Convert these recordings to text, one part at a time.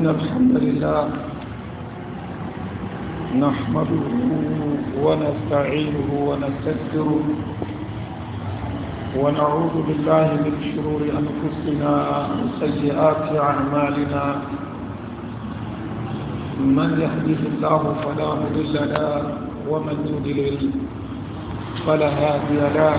إن الحمد لله نحمده ونستعينه ونستكثره ونعوذ بالله من شرور أنفسنا وسيئات أعمالنا من يهده الله فلا مضل له ومن يضلل فلا هادي له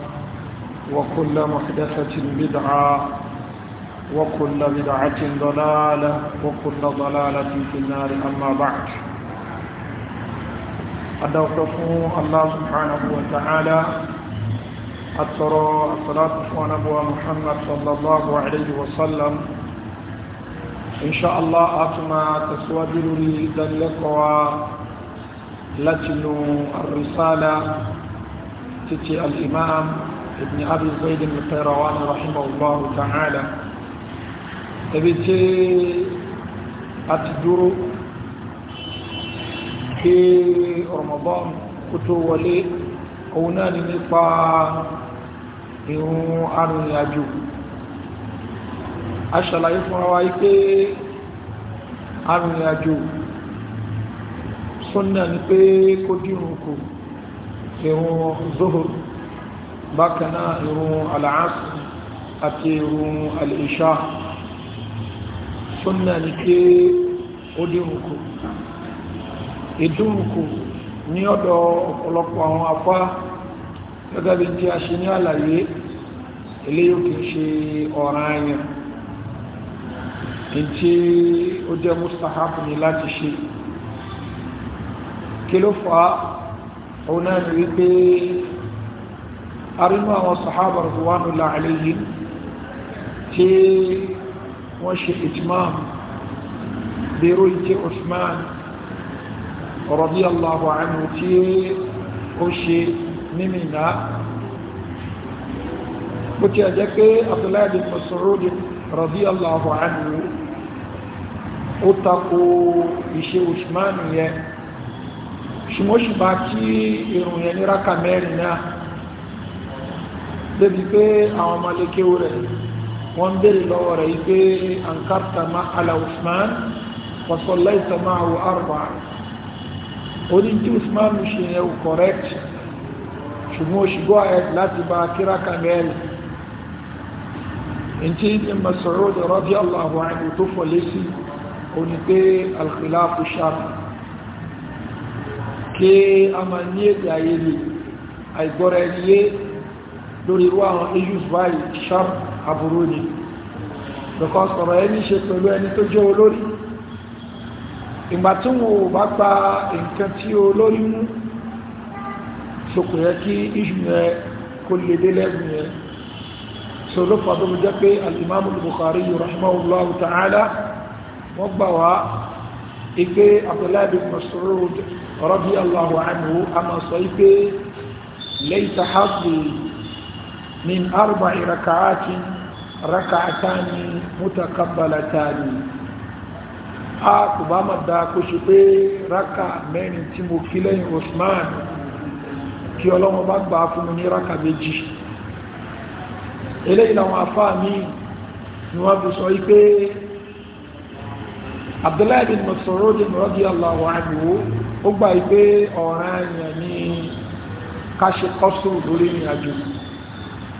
وكل محدثة بدعة وكل بدعة ضلالة وكل ضلالة في النار أما بعد أدوكف الله سبحانه وتعالى أترى الصلاة ونبوى محمد صلى الله عليه وسلم إن شاء الله أتما تسودل لي ذلك لتن الرسالة تتي الإمام ابن أبي زيد القيروان رحمه الله تعالى تبتي أتدرو في رمضان كتو ولي قونا لنقى irun arìnrìnàjò a ṣàlàyé fún wa pé arìnrìnàjò sunna ni pé kó dírun kù irun zohor bákanáà irun al'asr àti irun al'isha sunna ni pé ó dínrùkù ìdúrùkù ní ọ̀dọ̀ ọ̀pọ̀lọpọ̀ àwọn afá gẹ́gẹ́ bí tí a ṣe ní àlàyé eléyìí kì í ṣe ọ̀ràn tí ó jẹ́ mustahabu ni láti ṣe kí ló fà á òun náà ni arínú àwọn sahaba radwanullahi alayhim tí wọ́n ṣe ìtìmáà bèrò ìtì Usman radiyallahu anhu tí ó ṣe mímìnà bó ti ẹ̀jẹ́ pé Abdullahi bin Mas'ud radiyallahu anhu ó takò ìṣe Usman yẹn ṣùgbọ́n ṣùgbọ́n kí irun yẹn ní rákà mẹ́rin náà débi pé àwọn ọmọlékéwò rẹ̀ wọ́n béèrè lọ́wọ́ rẹ̀ wípé ankarta ma ala usman wasọ̀lá ìtàmà àwọn arba oní tí usman ṣe yẹ o correct ṣùgbọ́n òṣìgbọ́ ẹ̀ láti bá kíra kamel ntí ní Mas'ud radiyallahu anhu tó fọ̀lẹ́ sí oní pé alkhilafu shar kí a ní èdè ayélujára àìgbọ́ra ẹni yé lórí irú àwọn issues báyìí sharp aburú ni because ọ̀rọ̀ ẹni ṣe pẹ̀lú ẹni tó jẹ́ olórí ìgbà tí wọn ò bá gba nǹkan tí olórí mú sokò yẹ kí iṣu yẹn kó lè dé lẹ́gùn yẹn so ló fà tó jẹ́ pé al-imam al-bukhari rahimahullah ta'ala wọ́n gbà wá ipe abdullahi bin mas'ud radiyallahu anhu a máa sọ ipe laysa hadli min arba ìrakàátì rakàátàní mutakabalatani a kò bá mọ̀ dá kó ṣe pé raka mẹ́rin tí mo kí lẹ́yìn Usman kí ọlọ́wọ́ bá gbà fún mi ní raka méjì eléyìí làwọn afáà mi ni wọ́n fi sọ wípé abdullahi bin masorodi radiyallahu anhu ó gbà wípé ọ̀ranyàn ni ká ṣe kọ́sùn lórí ìrìnàjò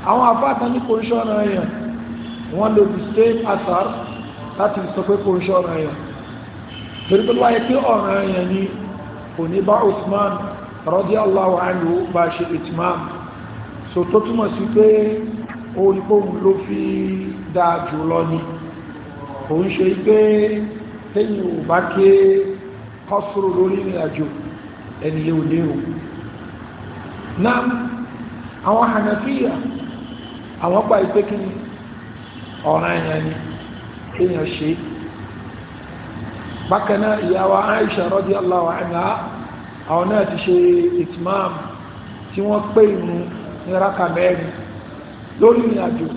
àwọn àfáàtà ní kò ń ṣọ́nà ẹ̀yàn wọ́n lò the same asar láti sọ pé kò ń ṣọ́nà ẹ̀yàn torí pẹ̀lú ayé pé ọ̀ràn ẹ̀yàn ni kò ní bá Usman radiyallahu anhu bá ṣe itmam so tó túmọ̀ sí pé orípòhùn ló fi dáa jù lọ ni kò ń ṣe pé tẹ́yìn ò bá ké kọ́sùrù lórí ìrìn ẹni yóò léwu àwọn Hanafiya àwọn gbà pé kí ọ̀ràn èèyàn ni èèyàn ṣe bákan náà ìyàwó Aisha radiyallahu anha àwọn náà ti ṣe ìtìmáàmù tí wọ́n pé ìrun ní raka mẹ́rin lórí ìrìn àjò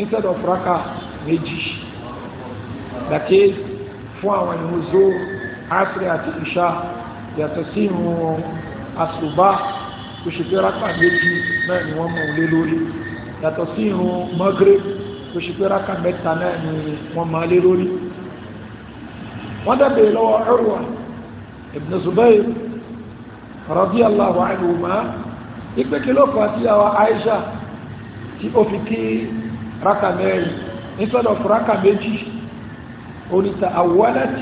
instead of raka méjì dàkí fún àwọn ìrun zoo asiri àti ìṣá yàtọ̀ sí ìrun àsùbá tó ṣe raka méjì náà ni wọ́n mọ̀ lé lórí yàtọ̀ sí irun mọ́gírẹ́ tó ṣe pé rákà mẹ́ta náà ni wọ́n máa lé lórí wọ́n dẹ̀bẹ̀ lọ́wọ́ Urwa ibn Zubayr radiyallahu anhuma ipe kí ló fà sí àwọn Aisha tí ó fi kí rákà mẹ́rin instead of rákà méjì ó ní ta'awwalat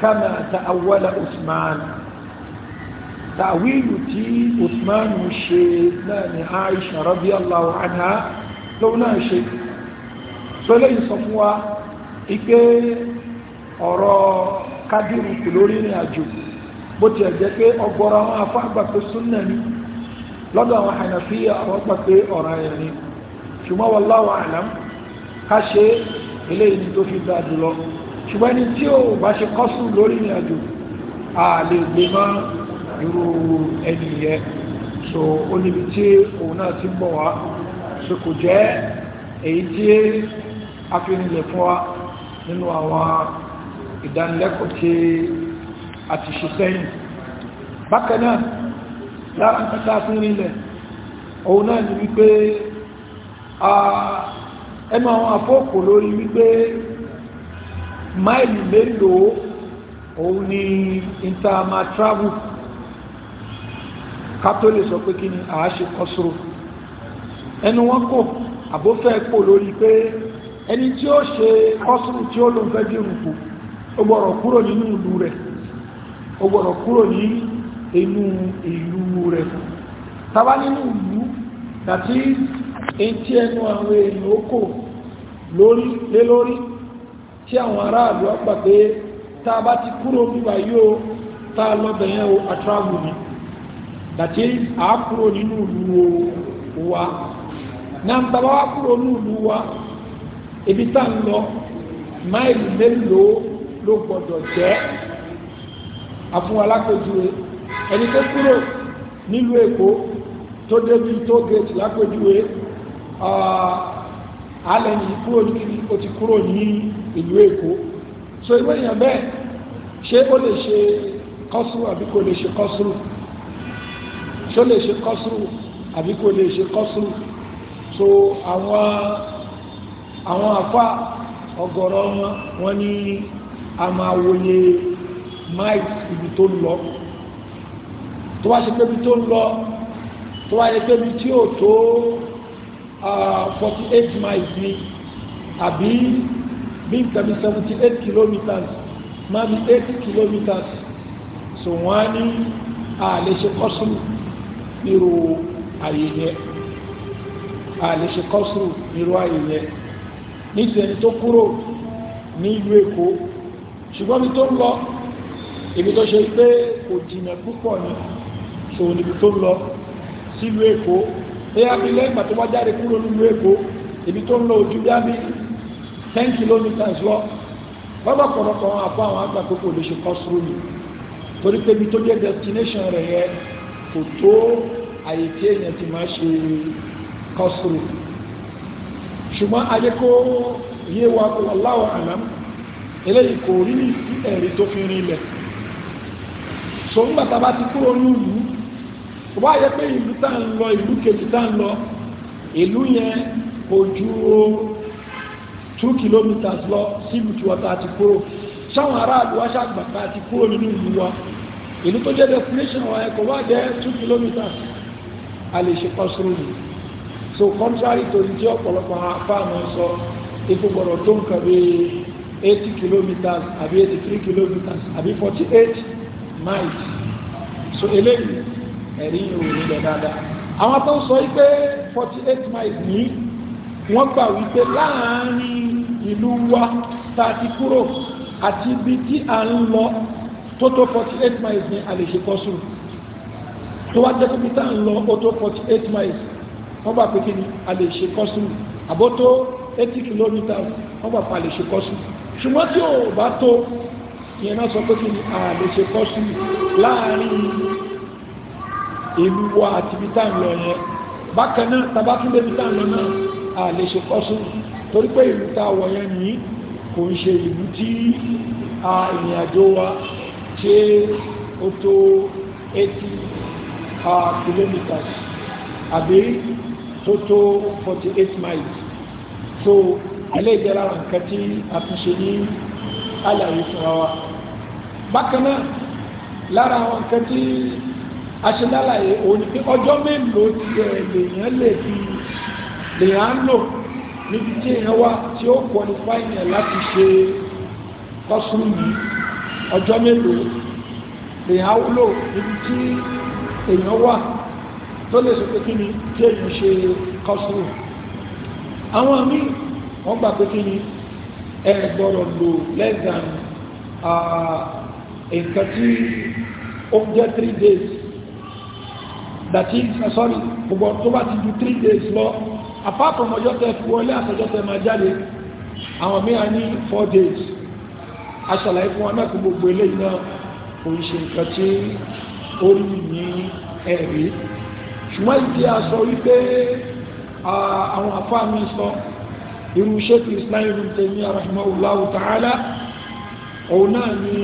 kama ta'awwala Usman tàwílù tí Usman ṣe náà ni Aisha radiyallahu anha lóun náà ṣe sọlẹ́ yìí sọ fún wa ipé ọ̀rọ̀ kádìrù kù lórí ìrìn àjò bó ti ẹ̀jẹ́ pé ọgbọ́rọ̀ àwọn afọ́ àgbàpẹ́ súnnà ní lọ́dọ̀ àwọn Hanafiya àwọn pàpẹ́ ọ̀rọ̀ ayẹ̀ ni ṣùgbọ́n wallahu a'lam ká ṣe eléyìí tó fi dáa jùlọ ṣùgbọ́n ẹni tí ó bá ṣe kọ́sù lórí ìrìn àjò àlè gbé irú ẹni yẹ so ó níbi tí òun náà ti bọ̀ wá so kò jẹ́ èyí tí a fi nílẹ̀ fún wa nínú àwọn ìdánilẹ́kọ̀ọ́ tí a ti ṣe sẹ́yìn bákan náà lára ń kẹta fún nílẹ̀ òun náà ni wípé ẹnu àwọn afọ́kò lórí wípé máìlì mélòó òun ni inter-ma travel kátó lè sọ pé kí ni a ṣe kọsùrù ẹnu wọn kò àbófẹ́ pò lórí pé ẹni tí ó ṣe kọsùrù tí ó ló ń fẹ́ bí rùpù ó gbọ́rọ̀ kúrò nínú ìlú rẹ̀ ó gbọ́rọ̀ kúrò ní inú ìlú rẹ̀ tàbá nínú ìlú àti etí ẹnu àwọn èèyàn okò lé lórí tí àwọn aráàlú ọgbà pé tá a bá ti kúrò bíbá yóò tá a lọ bẹ̀yẹn o àtúráàbù ni dàtí à kúrò nínú ìlú wa náà tàbá wá kúrò nínú ìlú wa ibi tá ń lọ máìlì mélòó ló gbọdọ̀ jẹ́ àfún alápèjúwe ẹni tó kúrò nílùú èkó tó débi tó gẹ̀ẹ́tì lápèjúwe alẹ́ni kúrò ní kí ti kúrò ní ìlú èkó so ìwé èèyàn bẹ́ẹ̀ ṣé ó lè ṣe kọ́sùrù àbí kò lè ṣe kọ́sùrù tó lè ṣe kọ́sùrù àbí kò lè ṣe kọ́sùrù so àwọn àwọn àfá ọ̀gọ̀rọ̀ wọn wọn ní a máa wòye mile ibi tó ń lọ tó wá ṣe pé ibi tó ń lọ tó wá ṣe tí ò tó forty miles ni àbí bí nǹkan bí seventy eight kilometres bí eight kilometres so wọ́n á ní a lè ṣe kọ́sùrù irú ààyè yẹ àlè ṣe kọ́sùrù irú ààyè yẹ nítorí ẹni tó kúrò ní ìlú èkó ṣùgbọ́n mi tó ń lọ ibi tó ṣe pé kò jìnà púpọ̀ ni ṣòwò níbi tó ń lọ sílùú èkó bóyá bí lẹ́gbà tó wá jáde kúrò nílùú èkó ibi tó ń lọ ojú bí á bí 10 kilometers lọ bọ́bá pọ̀rọ̀pọ̀ àpá àwọn àgbà pé kò lè ṣe kọ́sùrù ni torí pé ibi tó jẹ́ destination rẹ̀ yẹn kòtó tó àyè tí èèyàn ti máa ṣe kọ́sùrù ṣùgbọ́n ayé kó yé wa kó aláwọ̀ àlám eléyìí kò rí ẹ̀rí tó fi rin ilẹ̀ so ń gbàtà bá ti kúrò ní ìlú kò bá yẹ pé ìlú tá ń lọ ìlú kejì tá ń lọ ìlú yẹn kò ju two kilometers lọ sí ìlú tiwa tá a ti kúrò sáwọn aráàlú wá ṣàgbàgbà ti kúrò nínú ìlú wa ìlú tó jẹ́ destination wa ẹ̀kọ́ wá jẹ́ 2 kilometers a lè ṣe kọ́sùrù so contrary to ní tí ọ̀pọ̀lọpọ̀ fáàmù sọ ipò gbọ́dọ̀ tó nǹkan bí 80 kilometers àbí 83 kilometers àbí 48 miles so eléyìí ẹ̀rí yìí ò nílẹ̀ dáadáa àwọn tó ń sọ wípé 48 miles ní wọ́n gbà wípé láàárín ìlú wa tá a kúrò àti ibi tí a ń lọ tó tó 48 miles ní àlèṣe kọ́sùn tó wá jẹ́ kókítà ń lọ ó tó 48 miles wọ́n bá pé kí ni àlèṣe kọ́sùn àbó tó 80 km wọ́n bá pa àlèṣe kọ́sùn ṣùgbọ́n tí ò bá tó ìyẹn náà sọ pé kí ni àlèṣe kọ́sùn láàárín ìlú wa àti ibi tá ń lọ yẹn bákan náà tàbá tún débi tá ń lọ náà àlèṣe kọ́sùn torí pé ìlú tá wọ̀ yẹn ní kò ń ṣe ìlú tí ìrìn àjò wa ṣé ó tó 80 km, àbí tó tó 48 miles so ẹlẹ́gbẹ̀rẹ̀ àwọn nǹkan tí a fi ṣe ní àlàyé fúnra wa bákan náà lára àwọn nǹkan tí a ṣe lálàyé òun ni pé ọjọ́ mélòó ti ẹ̀ lèèyàn lè fi lèèyàn lò níbi tí èèyàn wá tí ó qualify yẹn láti ṣe kọ́sùn yìí ọjọ́ mélòó lèyàn wúlò níbi tí èèyàn wà tó lè sọ pé kí ni tí èèyàn ṣe kọ́sùrù àwọn míì wọ́n gbà pé kí ni ẹ gbọ́dọ̀ lò less than nǹkan tí ó jẹ́ three days that is uh, sorry gbogbo tó bá ti ju three days lọ apart from ọjọ́ tẹ fi wọlé àtọjọ́ tẹ máa jáde àwọn míì á ní four days aṣàlàyé fún wọn náà kó gbogbo eléyìí náà kò ń ṣe nǹkan tí ó rí ní ẹ̀rí ṣùgbọ́n ìdí aṣọ wípé àwọn afá mi sọ irú ṣékì islam ibn Taymiyyah rahimahullahu ta'ala òun náà ni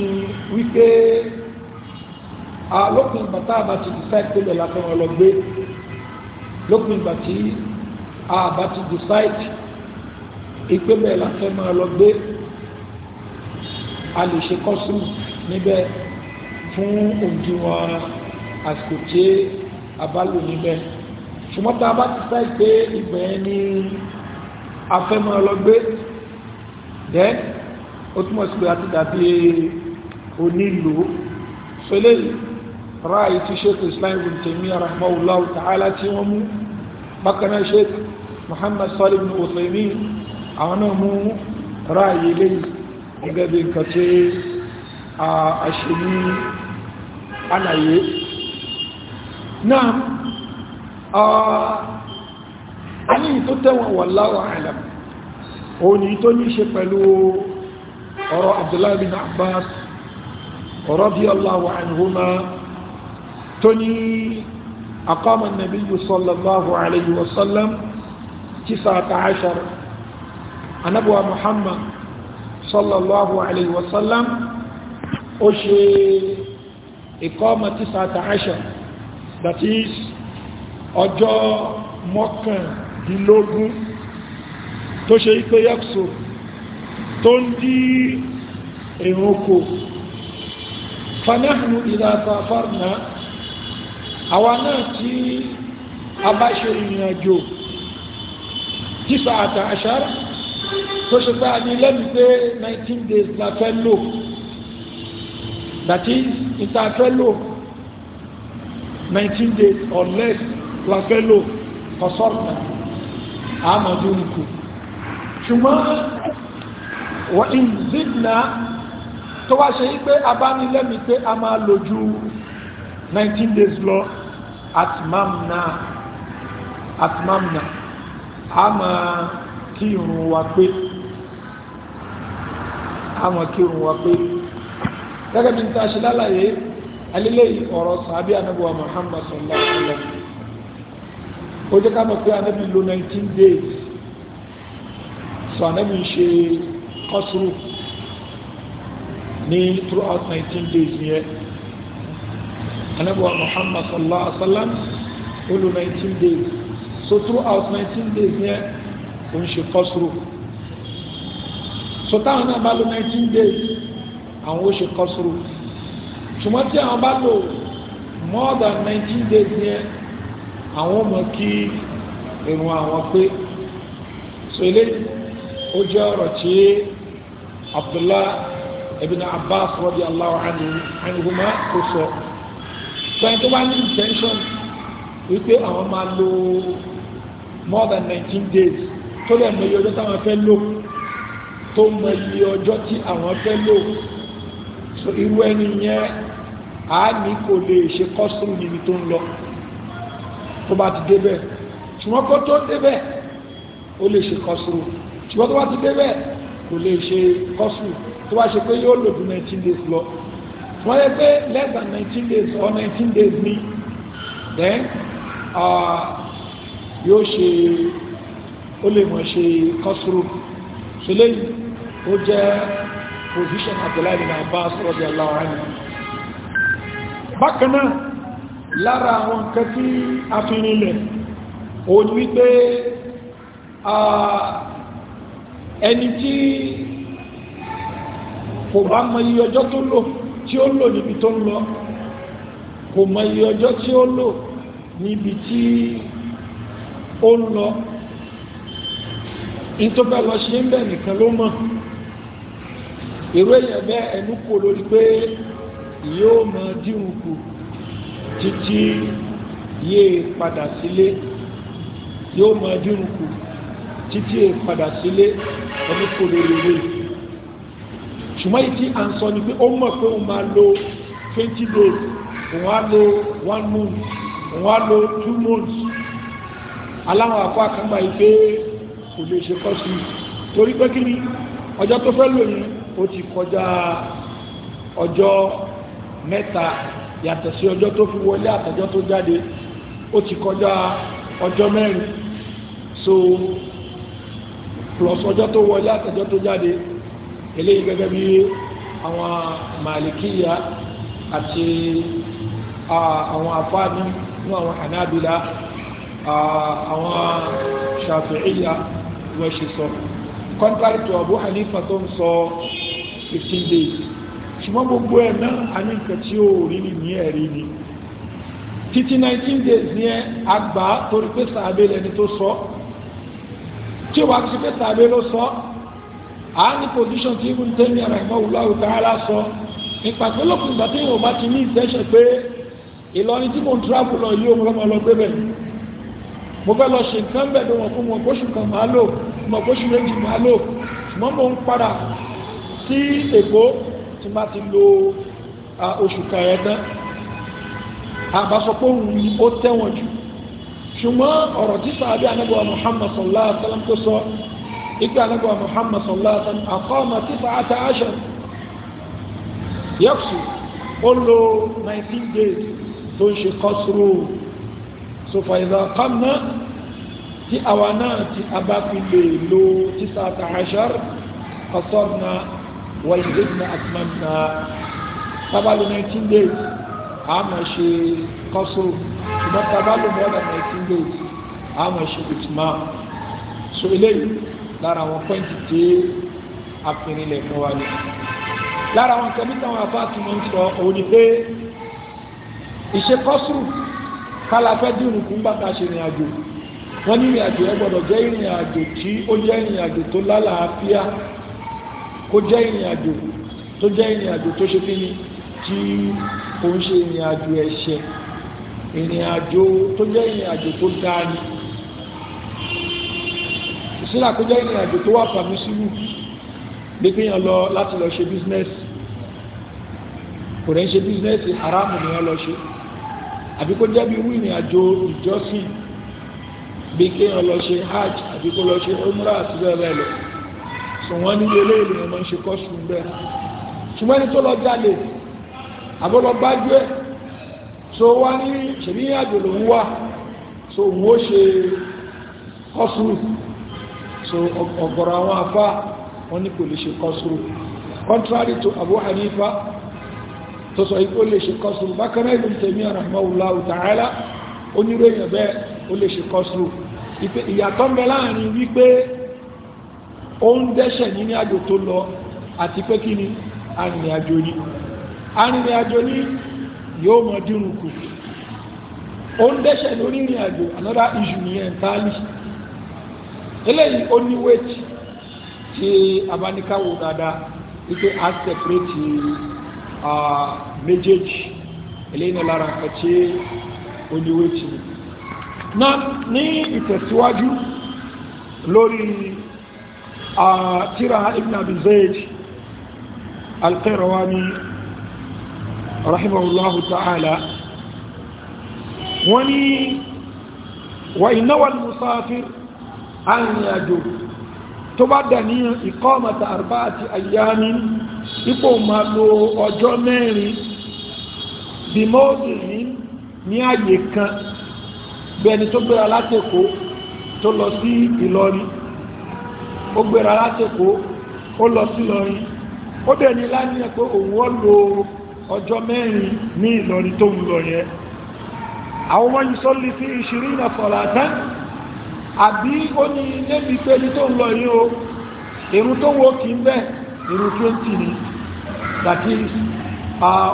wípé lópin ìgbà tá a bá ti decide pé bẹ̀rẹ̀ láti wọn gbé lópin ìgbà tí a bá ti decide ìpébẹ̀ láti wọn gbé a lè ṣe kọ́sùn níbẹ̀ fún òdiwọ̀n àsìkò tí a bá lò níbẹ̀ ṣùgbọ́n tá a bá ti sáì pé ìgbẹ̀ ní afẹ́mọ́ ọlọ́gbé dẹ́ ó túnmọ̀ sí pé a ti dàbí onílò fẹ́lẹ́ ráàyí tí sheikh islam ibn Taymiyyah rahimahullahu tí wọ́n mú bákaná sheikh Muhammad Salih ibn àwọn náà mú ráàyí lẹ́yìn gẹ́gẹ́ bí nǹkan tí a ṣe ní àlàyé náà a ní tó tẹ́wọ̀n wallahu a'lam òun ni tó ní ṣe pẹ̀lú ọ̀rọ̀ Abdullahi bin Abbas radiyallahu anhuma tó ní aqama an-nabiyyu sallallahu alayhi wa sallam 19 anabuwa Muhammad sallallahu alayhi wa sallam ó ṣe ìkọ́mọ̀ tí sàtà àṣà that is ọjọ́ mọ́kàndínlógún tó ṣe ipé yẹ́kùsù tó ń dí èròkò fanahnu ìdáta farna àwa náà tí a bá ṣe ìrìnàjò tí sàtà àṣà tó ṣe pé a ní lẹ́nu pé nineteen days la fẹ́ lò that is ìta fẹ́ lò nineteen days or less la fẹ́ lò kọ́sọ́ọ̀nà àmọ́jú nìkú ṣùgbọ́n wọ́n ń zidna tó wá ṣe pé a bá ní lẹ́nu pé a máa lò ju nineteen days lọ atmamna atmamna a máa sí irun wa pé àmọ́ kí irun wa pé gẹ́gẹ́ bí n ta ṣe lálàyé alílẹ̀ ọ̀rọ̀ sàábí anábọ̀ Muhammad sallallahu alaihi wasallam ó jẹ́ ká mọ̀ pé anábì lo 19 days so anábì ṣe kọ́sùrù ní throughout 19 days yẹn anábọ̀ Muhammad sallallahu alaihi wasallam ó lo 19 days so throughout 19 days yẹn ó ń ṣe kọ́sùrù so táwọn náà bá lo nineteen days àwọn ó ṣe kọ́sùrù ṣùgbọ́n tí àwọn bá lò more than nineteen days yẹn àwọn ò mọ̀ kí irun àwọn pé so eléyìí ó jẹ́ ọ̀rọ̀ tí Abdullah ibn Abbas radiyallahu anhuma kò sọ pẹ̀lú tó bá ní intention wípé àwọn máa lo more than nineteen days tó lè mọ iye ọjọ́ táwọn fẹ́ lò tó mọ iye ọjọ́ tí àwọn fẹ́ lò so irú ẹni yẹn a ní kò lè ṣe kọ́sùrù níbi tó ń lọ tó bá ti débẹ̀ ṣùgbọ́n kó tó débẹ̀ ó lè ṣe kọ́sùrù ṣùgbọ́n tó bá ti débẹ̀ kò lè ṣe kọ́sùrù tó bá ṣe pé yóò lò ju 19 days lọ wọ́n yẹ pé less than 19 days or 19 days ni then uh, yóò ṣe ó lè mọ̀ ṣe kọ́sùrù ṣeléyìí ó jẹ́ position Abdullahi bin Abbas radiyallahu anhu bákan náà lára àwọn nǹkan tí a fi rinlẹ̀ òun wípé ẹni tí kò bá mọ iye ọjọ́ tó lò tí ó lò níbi tó ń lọ kò mọ iye ọjọ́ tí ó lò níbi tí ó ń lọ in tó fẹ́ lọ ṣe ń bẹ̀ nìkan ló mọ̀ ìró èèyàn bẹ́ ẹnu kò lórí pé yóò mọ díhùn kù títí yéé e padà sílé yóò mọ díhùn kù títí yéé e padà sílé ẹnu kò lórí rẹ̀ ṣùgbọ́n ìtí à ń sọ ni pé ó mọ̀ pé òun máa lo twenty days òun á lo one month òun á lo two months aláwọn àpá kan máa ń kò lè ṣe kọ́sù torí pé kí ni ọjọ́ tó fẹ́ lò ní ó ti kọjá ọjọ́ mẹ́ta yàtọ̀ sí ọjọ́ tó fi wọlé àtọjọ́ tó jáde ó ti kọjá ọjọ́ mẹ́rin so plus ọjọ́ tó wọlé àtọjọ́ tó jáde eléyìí gẹ́gẹ́ bí àwọn màlìkíyà àti àwọn afáàmì ní àwọn hànábìlá àwọn ṣàfihìyà wọ́n ṣe sọ contrary to Abu Hanifa tó ń sọ 15 days ṣùgbọ́n gbogbo ẹ̀ náà a ní nǹkan tí ó rí ni ní ẹ̀rí ni títí 19 days ní ẹ àgbà torí pé sàábé lẹni tó sọ tí ó wà sí pé sàábé ló sọ a ní position tí Ibn Taymiyyah rahimahullahu ta'ala sọ nípa pé lókùn ìgbà tí yóò bá ti ní ìtẹ́ṣẹ̀ pé Ìlọrin tí mo ń travel lọ yí òun lọ́mọ lọ gbé bẹ̀rẹ̀ mo fẹ́ lọ ṣe nǹkan bẹ̀ lọ́wọ́ fún mọ̀ kóṣù kan máa lò mọ̀ kóṣù méjì máa lò mọ́ mo ń padà sí èkó tí má ti lo oṣù kan ẹ̀ tán àbásọpọ̀ òun ó tẹ́wọ̀n jù ṣùgbọ́n ọ̀rọ̀ tí sàábí anábọ̀wà Muhammad sallallahu alaihi wasallam kó sọ ikú anábọ̀wà Muhammad sallallahu alaihi wasallam àkọ́ọ̀mà tí sàátà àṣà yẹ́kùsù ó 19 days tó ń so fàìzà kọ́mná tí àwa náà ti abáfilè lo tísà tàṣàr kọsọ́nà wàlìdínà àtìmọ́nà tábàlù 19 days a máa ṣe kọ́sọ́ ṣùgbọ́n tábàlù mọ́dà 19 days a máa ṣe ìtìmá so eléyìí lára àwọn pọ́ǹtì tí a fi rinlẹ̀ fún wa ní lára àwọn kẹ́mítà àwọn afáàtì mọ́ ń sọ òun ni pé ìṣe kọ́sùrù Kala fẹ́ dìrù fún bàtà ṣe ìrìn àjò wọ́n ní ìrìn àjò ẹ gbọ́dọ̀ jẹ́ ìrìn àjò tí ó jẹ́ ìrìn àjò tó lálàáfíà kó jẹ́ ìrìn àjò tó jẹ́ ìrìn àjò tó ṣe kí ni tí kò ń ṣe ìrìn àjò ẹ̀ṣẹ̀ tó jẹ́ ìrìn tó dáa ni ìsílà kó jẹ́ ìrìn tó wà pàmí sílù gbégbé yàn lọ láti lọ ṣe bísínẹ́sì kò rẹ̀ ń ṣe bísínẹ́sì haramu ni wọ́n lọ ṣe àbí kó jẹ́ bí irú ìrìn àjò ìjọsìn bí kéèyàn lọ ṣe hajj àbí kó lọ ṣe umrah àti bẹ́ẹ̀ bẹ́ẹ̀ lọ sọ wọ́n ní ilé ìrìn ọmọ ń ṣe kọ́sùn bẹ́ẹ̀ ṣùgbọ́n ní tó lọ jalè àbọ́lọ́gbájú ẹ̀ so wá ní ṣèlú àjò lòun wà so òun ó ṣe kọ́sùrù so ọ̀gọ̀rọ̀ àwọn afá wọn ní kò lè ṣe kọ́sùrù contrary to Abu Hanifa tó sọ ikú ó lè ṣe kọ́sùrù bákan náà Ibn Taymiyyah rahimahullahu ta'ala oníròyìn bẹ́ẹ̀ ó lè ṣe kọ́sùrù ìyàtọ̀ ń bẹ láàrin wípé ó ń dẹ́ṣẹ̀ nínú àjò tó lọ àti pé kí ni arìnrìnàjò ni arìnrìnàjò ni yóò mọ dírun kù ó ń dẹ́ṣẹ̀ lórí ìrìn àjò another issue ní eléyìí ó ní wéètì tí abáníkáwò dáadáa wípé a separate méjèèjì eléyìí náà lára nǹkan tí oníwé ti ní. na ní ìtẹ̀síwájú lórí tíra ibn abi zayd al-qayrawani rahimahullahu ta'ala wọ́n ní wà musafir an yàjò tó bá dà ní ìkọ́mata arba'ati ayyamin ipò máa lo ọjọ́ mẹ́rin bí mọ́ọ̀dù ní ní àyè kan gbẹni tó gbéra látèkó tó lọ sí Ìlọrin ó gbéra látèkó ó lọ sí Ìlọrin ó dẹ̀ ní láníyàn pé òun ó lo ọjọ́ mẹ́rin ní Ìlọrin tó ń lọ yẹn àwọn ọmọ yìí sọ́lì sí ìṣirí ìnàfọ̀lá tán àbí ó ní lébi pé ní tó ń lọ yìí o èrú tó wo kì í bẹ́ẹ̀ èrú 20 ni that is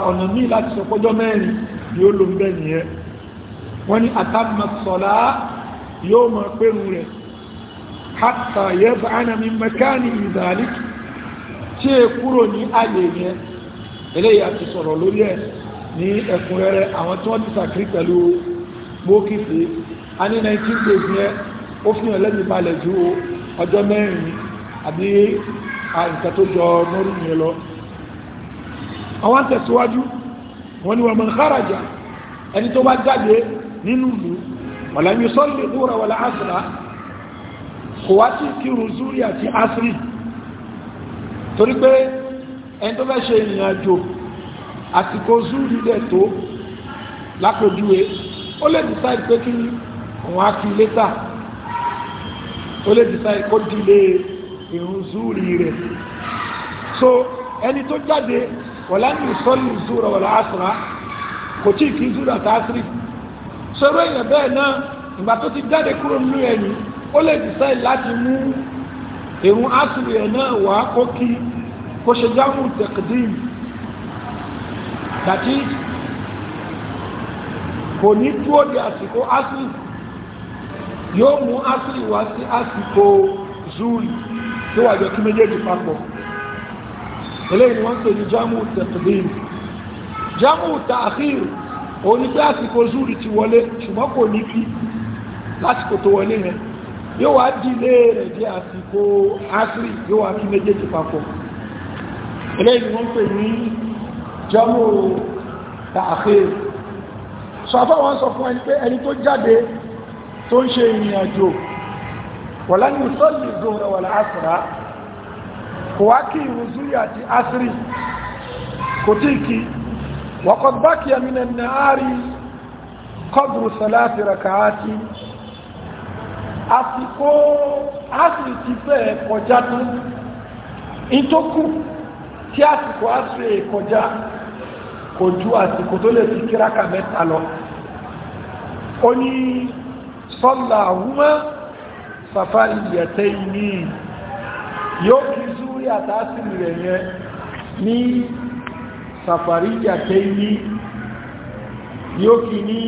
ọ̀nà míì láti sọ pọ́jọ́ mẹ́rin ni ó lò ń bẹ́ẹ̀ nìyẹn wọ́n ní àtàmàsọ̀lá yóò mọ̀ pẹ́rù rẹ̀ hátà yẹ́bà ánàmì mẹ́kánì ìzàlík tí è kúrò ní ààyè yẹn eléyìí àti sọ̀rọ̀ lórí ẹ̀ ní ẹ̀kúnrẹ́rẹ́ àwọn tí wọ́n ti sàkírí pẹ̀lú gbókìsì a ní 19 days yẹn ó fi hàn lẹ́yìn balẹ̀ ju ọjọ́ mẹ́rin àbí nǹkan tó jọ mọ́rùn yẹn lọ àwọn tẹ̀síwájú wọn ni wọ́n mọ̀ kárajà ẹni tó bá jáde nínú ìlú wàlàmí sọ́lẹ̀ lóra wàlà asìlá kò wá sí kírun zúrí àti asìrí torí pé ẹni tó fẹ́ ṣe ìrìn àjò àsìkò zúrí dẹ̀ tó lápòjúwe ó lè decide pé kí òun á kí létà ó lè decide kó dìlé ìrun zúrí rẹ̀ so ẹni tó jáde wọ̀lá ní sọ́lù zúra wọ̀lá àsùrá kò tí kí zúra tààsìrì sọ́rọ̀ èèyàn bẹ́ẹ̀ náà ìgbà tó ti jáde kúrò nínú ẹ̀yìn ó lè dìsáì láti mú èrún àsìrì ẹ̀ náà wá kó kí kó ṣe jámù tẹ̀kìdìm dàtí kò ní dúró di àsìkò àsìrì yóò mú àsìrì wá sí àsìkò zúrì tó wà kí méjèèjì papọ̀ eléyìí ni wọ́n ń pè ní jamu taqdim jamu ta'khir òun ni pé àsìkò zuri ti wọlé ṣùgbọ́n kò ní kí lásìkò tó wọlé yẹn yóò wá dílé rẹ̀ di àsìkò asiri yóò wá kí méjèèjì papọ̀ eléyìí ni wọ́n ń pè ní jamu ta'khir sọfọ́ wọn sọ fún ẹni pé ẹni tó jáde tó ń ṣe ìrìn àjò wọ̀lá ní sọ́ọ̀lì zoro wọ̀lá asra kò wá kí ìrùsúrí àti asiri kò tí kí wọ́kọ̀ bá kí ẹmìnà náàrí kọ́dùrù sọ́láti rakaati àsìkò asiri ti fẹ́ kọjá tán in tó kú tí àsìkò asiri kọjá kò ju àsìkò tó lè lórí àtàásìlì rẹ̀ yẹn ní sàfàríyà kẹ́yí yóò kí ní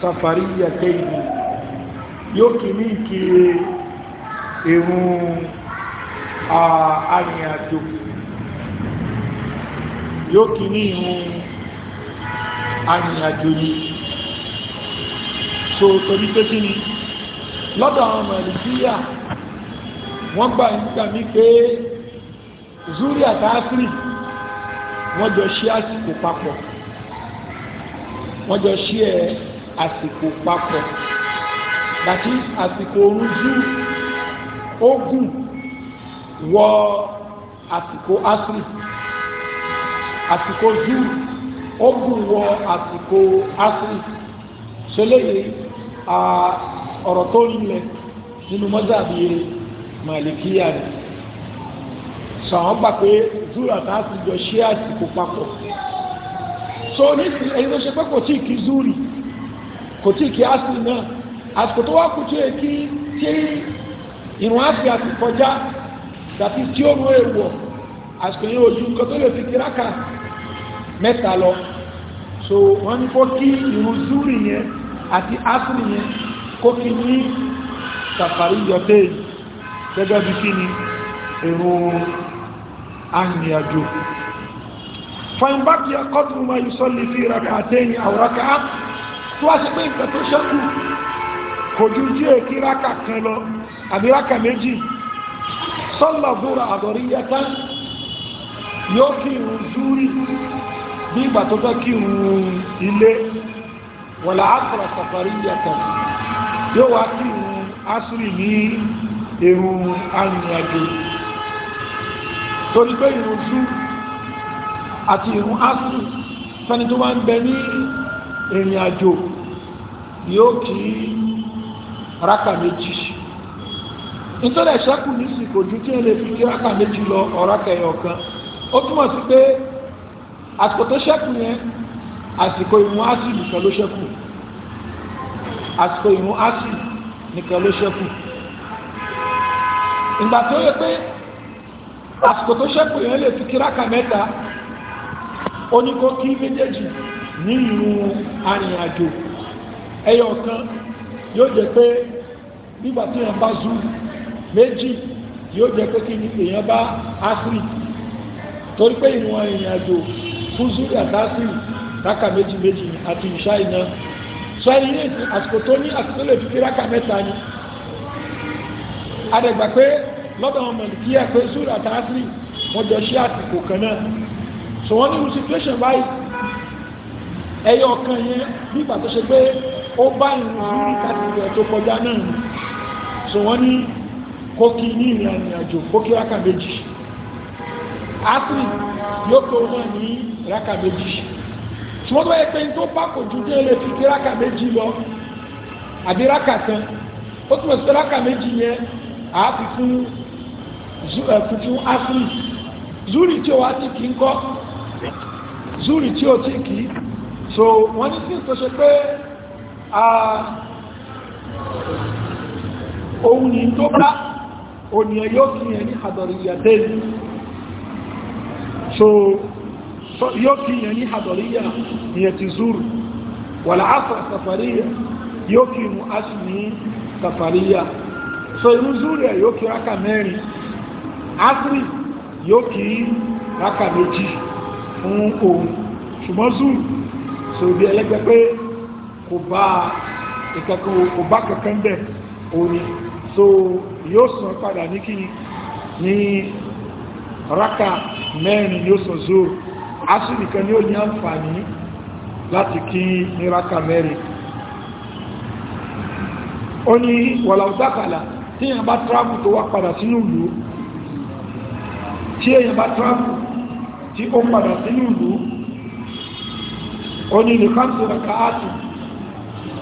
sàfàríyà kẹ́yí yóò kí ní kí èrùn arìnrìnàjò yóò kí ní ìrùn arìnrìnàjò ni so torí pé kí ni lọ́dọ̀ àwọn mẹ̀lìdíyà wọ́n gbà nígbà mí pé zuri àtàkìrì wọ́n jọ ṣí àsìkò papọ̀ wọ́n jọ ṣí ẹ àsìkò papọ̀ dàtí àsìkò oorun zuri ó gùn wọ àsìkò àsìrì àsìkò zuri ó wọ àsìkò àsìrì ṣẹlẹ̀ yìí ọ̀rọ̀ tó rinlẹ̀ nínú mọ́sàbí rẹ̀ màlìkíyà ni sọ àwọn gbà pé zuru àtàkì jọ ṣé àsìkò papọ̀ so ní ẹni tó ṣe pé kò tí ì kí zuri kò tí ì kí asiri náà àsìkò tó wá kù tí ì kí tí ìrùn asiri àti kọjá tàbí tí ó rún èèwọ̀ àsìkò yẹn ojú nǹkan tó lè fi kíráka mẹ́ta lọ so wọ́n ní kó kí ìrùn zuri yẹn àti asiri yẹn kó kí ní sàfàrí yọtẹ́yìí gẹ́gẹ́ bí kí ni èrò arìnrìnàjò fàìmbákì akọ́tùn ma yìí sọ́lì fi ìràkà àtẹ́yìn àwòrákà á tó wá sí pé nǹkan tó ṣẹ́kù kò ju jí èkí rákà kan lọ àbí rákà méjì sọ́lọ̀ búra àbọ̀rí yẹta yóò kí irun zúrí bí ìgbà tó fẹ́ kí irun ilé wọ̀lá àkọ̀rọ̀ sàfàrí yẹta yóò wá kí irun asúrì ní irun arìnrìnàjò torí pé irun sùn àti irun asùn fẹ́ni tó wá ń bẹ ní ìrìn àjò yóò kí rákà méjì ní ju tí ẹ lè fi kí rákà méjì lọ ọ̀rákà ẹ̀yọ̀ kan ó túmọ̀ sí pé àsìkò tó ṣẹ́kù yẹn àsìkò ìrun asùn nìkan ló ṣẹ́kù àsìkò ìgbà tó yẹ pé àsìkò tó ṣẹ́kù yẹn lè fi kíráka mẹ́ta ó ní kó kí méjèèjì ní ìlú arìnrìnàjò ẹyọ kan yóò jẹ pé nígbà tí yẹn bá zu méjì yóò jẹ pé kí ni èèyàn bá asiri torí pé ìrìn arìnrìnàjò fún zuri àti asiri ráka méjì méjì àti ìṣá iná sọ ẹni ní àsìkò tó ní àsìkò lè fi kíráka mẹ́ta ni adẹ̀gbà pé lọ́dọ̀ ọmọ kí ẹ pé sùúrù àtàásírì wọ́n jọ ṣe àsìkò kan náà so wọ́n ní situation báyìí ẹyọ ọ̀kan yẹn bí ìgbà tó ṣe pé ó bá ìrìn àárín kásìkò ẹ̀ tó kọjá náà so wọ́n ní kókí ní ìrìn àrìn àjò kókí rákà méjì àásírì yóò tó náà ní rákà méjì ṣùgbọ́n tó yẹ pé tó bá kò ju dé lè fi kí rákà méjì lọ àbí rákà ó túnbọ̀ sí rákà yẹn àá fi fún fífún áfírí zúrì tí ó wá tí kí ń kọ́ zúrì tí ó tí kí so wọ́n ní sí tó ṣe pé a ohun yìí tó bá ònìyàn yóò kí yẹn ní àdọ̀rìyàdé so yóò kí yẹn ní àdọ̀rìyà yẹn ti zúrù wàlá áfà sàfàríyà yóò kí mú so irú zúrì ẹ̀ asiri yóò kí rákà méjì fún òun ṣùgbọ́n zuu sòbí ẹlẹ́gbẹ́ pé kò bá ìkẹ́kọ̀ọ́ kò bẹ̀ òní so yóò sàn padà ní kí ní rákà mẹ́rin yóò sàn zuu asiri kan yóò ní àǹfààní láti kí ní rákà mẹ́rin ó ní wọ̀làwùdákàlà tí yàn bá tíráàmù tó wá padà sínú ìlú tí èyàn bá tráfù tí ó padà sínú ìlú ó ní ìlú káńtò rẹ̀ká áàtù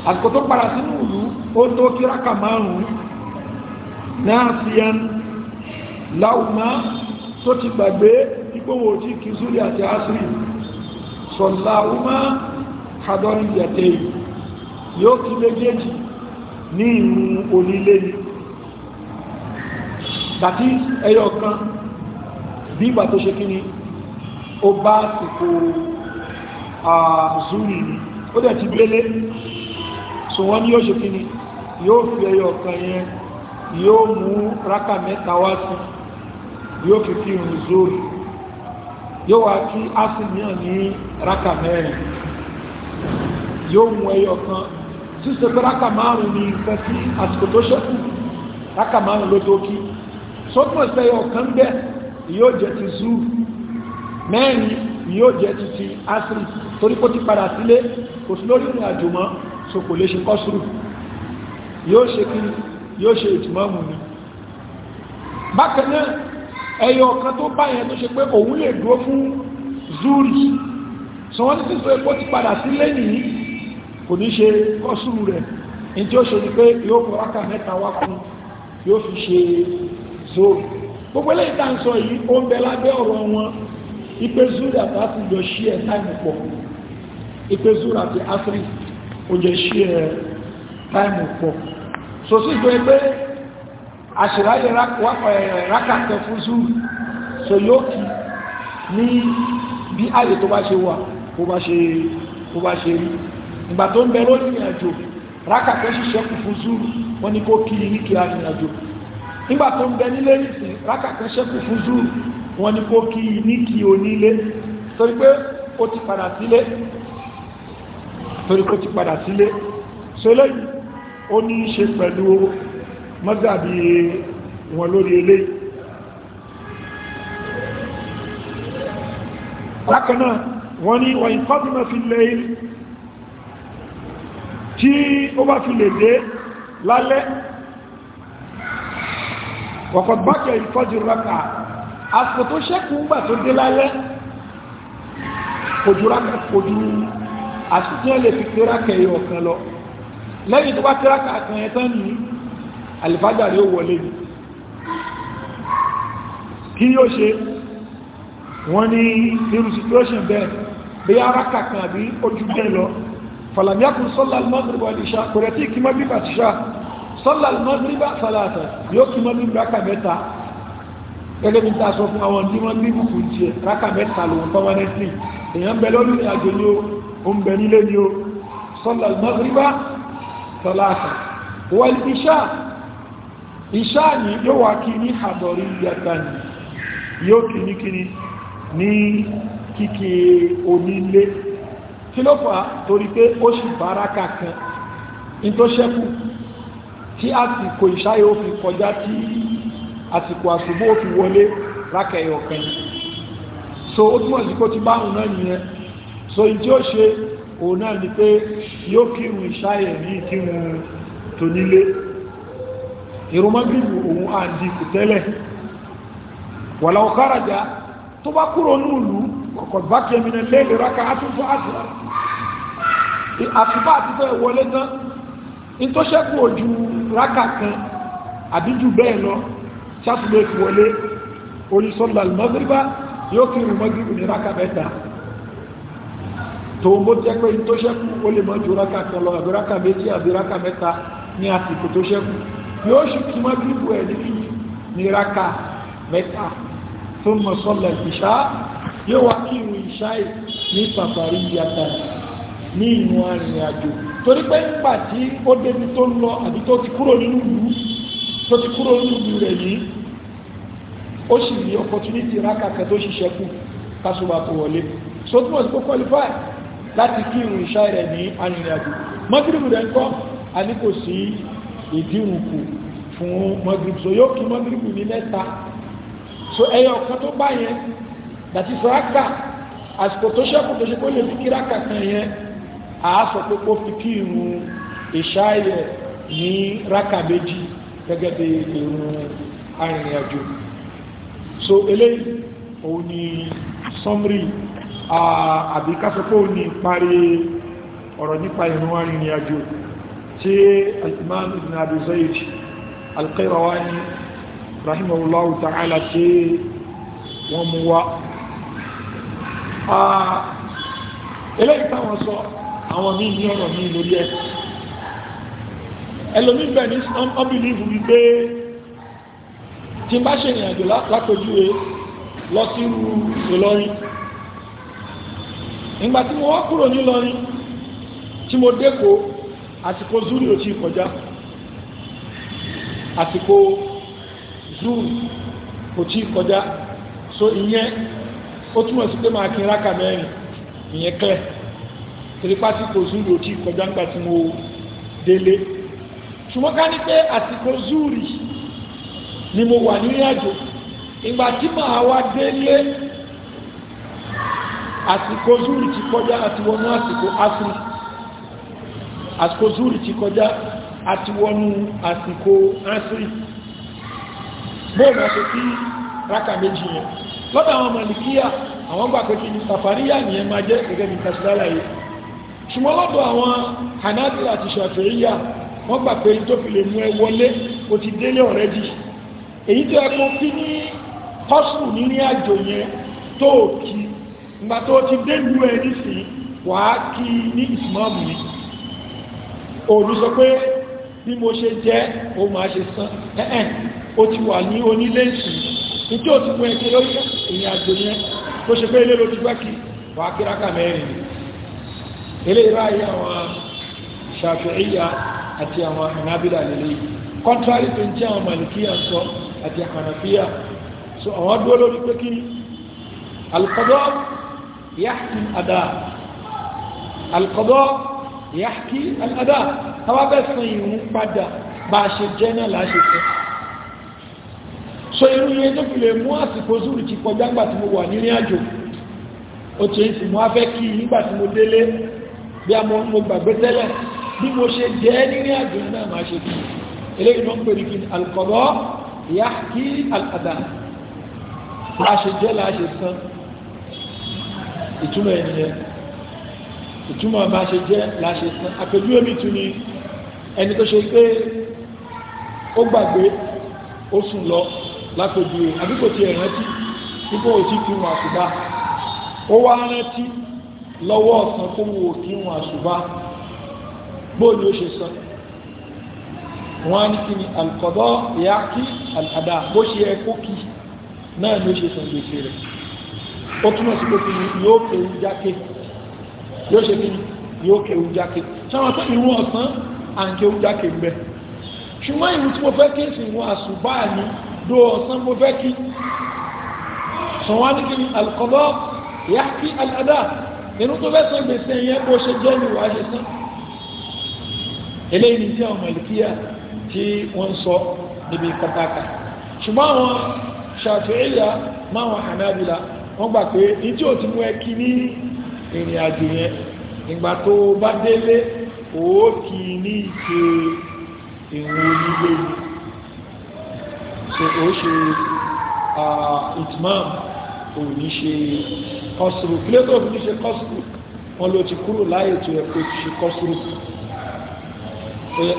àsìkò tó padà sínú ìlú ó tó kíráka márùn-ún náà sí ẹn láwùmá tó ti gbàgbé ìgbówó tí kì súrí àti asiri sọ̀láwùmá kàdọ́rí ìyàtẹ̀ yóò kí méjèèjì ní ìrùn onílé ni that is ẹyọ kan bí ìgbà tó ṣe kí ni ó bá àsìkò àzúrì ni ó dẹ̀ ti gbélé so wọ́n ní yóò ṣe kí ni yóò fi ẹyọ ọ̀kan yẹn yóò mú rákà mẹ́ta wá sí yóò fi fi rùn zóòrì yóò wá kí ásìmíàn ní rákà mẹ́rin yóò mú ẹyọ kan síse pé rákà márùn ní nǹkan sí àsìkò tó ṣẹ́kù rákà márùn ló tó kí sókùn ẹ̀sẹ̀ ẹyọ kan bẹ́ẹ̀ yóò jẹ́ ti zoo mẹ́rin yóò jẹ́ ti ti asiri torí kó ti padà sílé kò sí lórí ìrìn àjò mọ́ so kò lè ṣe kọ́sùrù yóò ṣe kí yóò ṣe ìtìmọ́mù ni bákan náà ẹyọ ọ̀kan tó báyẹn tó ṣe pé òun lè dúró fún zuri so wọ́n ti sọ epo ti padà sílé nìyí kò ní ṣe kọ́sùrù rẹ̀ ní tí ó ṣe ni pé yóò kọ́ rákà mẹ́ta wá kún yóò fi ṣe zuri gbogbo eléyìí tá à ń sọ yìí ó ń bẹ lábẹ́ ọ̀rọ̀ wọn ipe zuri àti asiri jọ ṣí ẹ táìmù pọ̀ ipe zuri àti asiri ó jẹ ṣí ẹ táìmù pọ̀ sòsì tó ẹgbẹ́ àṣìláyé rákàtẹ fún zuri so yóò kí ní bí ààyè tó bá ṣe wà bó bá ṣe bó bá ṣe rí ìgbà tó ń bẹ lórí ìrìnàjò rákàtẹ ṣiṣẹ́ kù fún zuri wọ́n ní kó kí ní kí arìnrìnàjò nígbà tó ń bẹ nílé nìsín rákà kan ṣẹ́kù fún zúù wọn ni kó kí ní kí onílé torí pé ó ti padà sílé torí pé ó ti padà sílé so lẹ́yìn ó ní ṣe pẹ̀lú mọ́gàbí wọn lórí eléyìí bákanáà wọ́n ní wọ́n ìfọ́bímọ̀ fi lè tí ó bá fi lè dé lálẹ́ wọ̀kọ̀t bá jẹ́ ìfọ́jú rákà àsìkò tó ṣẹ́kù ńgbà tó dé lálẹ́ kojú rákà kojú àsìkò yẹn lè fi pé rákà yìí ọ̀kan lọ lẹ́yìn tó bá pé rákà kan yẹn tán ní àlìfájà rí ó wọlé ni kí yóò ṣe wọ́n ní nínú situation bẹ́ẹ̀ bí rákà kan àbí ojú bẹ́ẹ̀ lọ fàlàmíàkùn sọ́lá al-maghrib wal-isha kí má bí bàtíṣà sọ́lá mọ́gbíríbà sàlátà yóò kí mọ́gbírí rákà mẹ́ta gẹ́gẹ́ bí ta sọ fún àwọn tí wọ́n gbígbù kù jí ẹ̀ rákà mẹ́ta lòun permanently èyàn bẹ lórí àjò ní o ń bẹ nílé ní o sọ́lá mọ́gbíríbà sàlátà wọ́n ìṣá ìṣá ni yóò wá kí ní àdọ̀rí yàtà ni yóò kí ní kí ní kíkì onílé kí ló fà torí pé ó sì bá rákà kan in tó ṣẹ́kù tí àsìkò ìṣáyé ó fi kọjá tí àsìkò àsùbò ó fi wọlé rákẹyọ ọ̀kan so ó túnmọ̀ sí kó ti bá òun náà nìyẹn so ìdí ó ṣe òun náà ni pé yóò kírun ìṣáyé ní kírun tó nílé ìrùmọ́gbìmù òun àǹdí kò tẹ́lẹ̀ wàlá ọ̀kárajà tó bá kúrò nílùú kọ̀kọ̀ bá kẹmìnà in tó ṣẹ́kù ojú rákà kan àbí jù bẹ́ẹ̀ lọ sátúlé ti wọlé orí sọ́lá mọ́gíríbá yóò kí irun mọ́gíríbù ní rákà mẹ́ta tó bó jẹ́ pé in tó ṣẹ́kù ó lè mọ́jú rákà kan lọ àbí rákà méjì àbí rákà mẹ́ta ní àsìkò tó ṣẹ́kù yóò ṣì torí pé nígbà tí ó débi tó ń lọ àbí tó ti kúrò nínú ìlú tó ti kúrò nínú ìlú rẹ̀ yìí ó sì rí opportunity rákàkà tó ṣiṣẹ́ kù kásùbà tó wọlé so tí wọ́n ti kó qualify láti kí ìrùn ìṣá rẹ̀ ní arìnrìnàjò mọ́gírìbù rẹ̀ ń kọ́ a ní kò sí ìdíwùnkù fún mọ́gírìbù so yóò kí mọ́gírìbù ní mẹ́ta so ẹyọ ọ̀kan tó bá yẹn dàti sọ́ráka àsìkò tó ṣẹ́kù tó ṣe kó lè fi kíráka kan yẹn a sọ pé kó fi kí irun ìṣáyẹ̀ ní rákà méjì gẹ́gẹ́ bí irun arìnrìnàjò so eléyìí òun ni summary àbí kásọpọ̀ òun ni parí ọ̀rọ̀ nípa irun arìnrìnàjò tí al-imam ibn abi zayd al-qayrawani rahimahullahu ta'ala tí wọ́n mú wá eléyìí táwọn sọ àwọn míì ní ọ̀nà míì lórí ẹ̀ ẹlòmíì bẹ̀ ní ọ́bìlìfù wípé tí n bá ṣe ìrìnàjò lápẹjúwe lọ sí Ìlọrin ìgbà tí mo wá kúrò nílọrin tí mo dẹ́kò àsìkò zúrì ò kọjá àsìkò zúrì ò kọjá so ìyẹn ó túmọ̀ sí pé máa kí rákà mẹ́rin ìyẹn kẹ́ẹ̀ torípá tí kò zúrì ò tí kọjá nígbà tí mo délé ṣùgbọ́n ká ní pé àsìkò zúrì ni mo wà ní ìrìnàjò ìgbà tí màá wá délé àsìkò zúrì ti kọjá àti wọnú àsìkò asiri àsìkò zúrì ti kọjá àti wọnú àsìkò asiri bóòmù ọ̀sẹ̀ tí rákà méjì yẹn lọ́dọ̀ àwọn mọ̀lìkíyà àwọn gbà pé kí ni sàfàríyà nìyẹn máa jẹ́ gẹ́gẹ́ bí tàṣíláyà yìí ṣùgbọ́n lọ́dọ̀ àwọn hanabila àti ṣàfihìyà wọ́n gbà pé tó fi lè mú ẹ wọlé o ti délé ọ̀rẹ́ di èyí tó ẹ kó fi ní kọ́sùrù nílé àjò yẹn tó kí ìgbà tó ti délú ẹ nísìnyí wà á kí ní ìsìmọ́ọ̀mù ni òòlù sọ pé bí mo ṣe jẹ́ o máa ṣe san ẹ̀ẹ́ o ti wà ní onílé ìsìn nítorí o ti mú ẹ kí wà eléyìí báyìí àwọn ṣàfihìyà àti àwọn ànábìlà lélẹ́yìí contrary tó ń jẹ́ àwọn malikiya sọ àti àhànàfíà so àwọn dúró lórí pé kí alkọ́dọ́ yáàkì àdá alkọ́dọ́ yáàkì àdá tàbá bẹ́ sàn ìrún padà bá a ṣe jẹ́ náà láṣẹ fún so irú yẹn tó fi lè mú àsìkò zúrù ti kọjá nígbà tí mo wà nílé àjò ó ti ń sì mú afẹ́ kí nígbà tí mo délé bí a mo gbàgbé tẹ́lẹ̀ bí mo ṣe jẹ́ nínú àjò náà máa ṣe kí eléyìí náà ń pè ní kí alkọ̀bọ́ ìyá kí alàdá la ṣe jẹ́ la ṣe san ìtumọ̀ ènìyàn ìtumọ̀ máa ṣe jẹ́ la ṣe san àpèjú omi tún ni ẹni tó ṣe pé ó gbàgbé ó sùn lọ lápèjú àbíkò tí ẹ̀rántí nígbà òtí wọn àkùdá ó wá rántí lọ́wọ́ ọ̀sán tó wò kí wọn àṣùbá bóòlù ó ṣe sọ wọn á ní kí ni alkọ̀dọ́ ìyá kí àdá bó ṣe ẹ kó kí náà ni ó ṣe san gbèsè rẹ̀ ó túnmọ̀ sí pé kí ni yóò kéwú jákè yóò ṣe kí yóò kéwú jákè sáwọn tó ìrún ọ̀sán à ń kéwú jákè ń bẹ ṣùgbọ́n ìrún tí mo fẹ́ kí èsì ìrún àṣùbá ni do ọ̀sán mo fẹ́ kí sanwó á ní kí ni alkọ̀dọ́ ìyá kí àdá inú tó fẹ́ san gbèsè yẹn bó ṣe jẹ́ ní wàá ṣe san eléyìí ni tí àwọn màlìkíyà tí wọ́n sọ níbi kàtàkà ṣùgbọ́n àwọn ṣàfihàn máwọn hànábìlà wọ́n gbà pé ní tí ò ti mú ẹ kí ní ìrìn àjò yẹn ìgbà tó bá délé ó kì í ní ṣe ìwò onílé ṣe ó ṣe ìtìmáàmù òun ní ṣe kọ́sùrù kí ló tó fi ní ṣe kọ́sùrù wọn ló ti kúrò láyè tó yẹ kó ti ṣe kọ́sùrù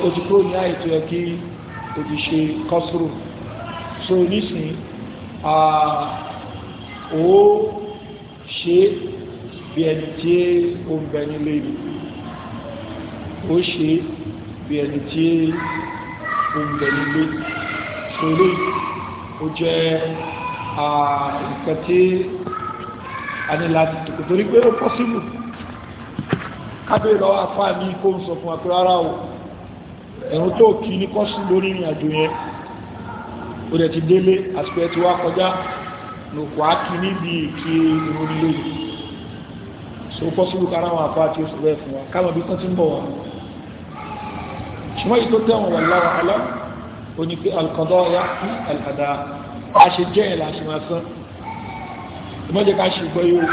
ó ti kúrò ní tó yẹ kí ó ti ṣe kọ́sùrù so nísìnyí ó ṣe bí ẹni tí ó ń bẹ nílé ni ó ṣe bí ẹni tí ó ń bẹ nílé so lóyún ó jẹ́ nǹkan tí a ní láti tòkò torí pé ó pọ́sílù kábẹ̀ lọ́wọ́ afá mi kó ń sọ fún akúrò ara o ẹ̀rùn tó kí ní kọ́sí lórí ìrìn àjò yẹn ó dẹ̀ ti délé àsìkò ẹ̀ ti wá kọjá lòkù á kí níbi kí irun lè so pọ́sílù kára àwọn afá tí ó sọ bẹ́ẹ̀ fún wa káwọn bí kan ti ń bọ̀ wọn ṣùgbọ́n yìí tẹ̀wọ̀n wà lára alá oní pé alkọ́dọ́ yá sí alàdáa a ṣe jẹ́ ẹ̀ la ṣe máa san ìmọ̀jẹ̀ ká ṣe gbọ́ yóò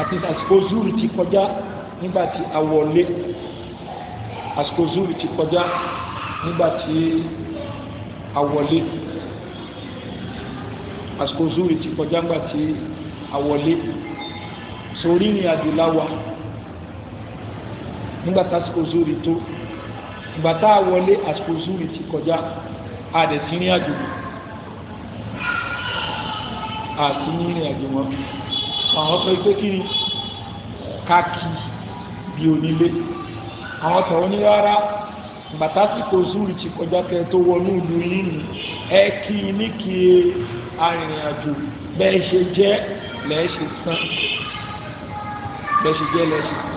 àti àsìkò zuru ti kọjá nígbà tí a wọlé àsìkò zuru ti kọjá nígbà tí a wọlé àsìkò zuru ti kọjá nígbà tí a wọlé sórí ìrìn àjò láwa àsìkò zuru tó ìgbà tá àsìkò zuru ti kọjá a dẹ̀ sí àti ní ìrìn àjò wọn àwọn sọ pé kí ni káàkì bí onílé àwọn tọ̀wọ́ ní rárá bàtásìkò zúrì ti kọjá kẹ tó wọnú ìlú yìí ni ẹ kí ní kí arìnrìn àjò bẹ́ẹ̀ ṣe jẹ́ lẹ́ẹ̀ṣẹ̀ sán bẹ́ẹ̀ ṣe jẹ́ lẹ́ẹ̀ṣẹ̀ sán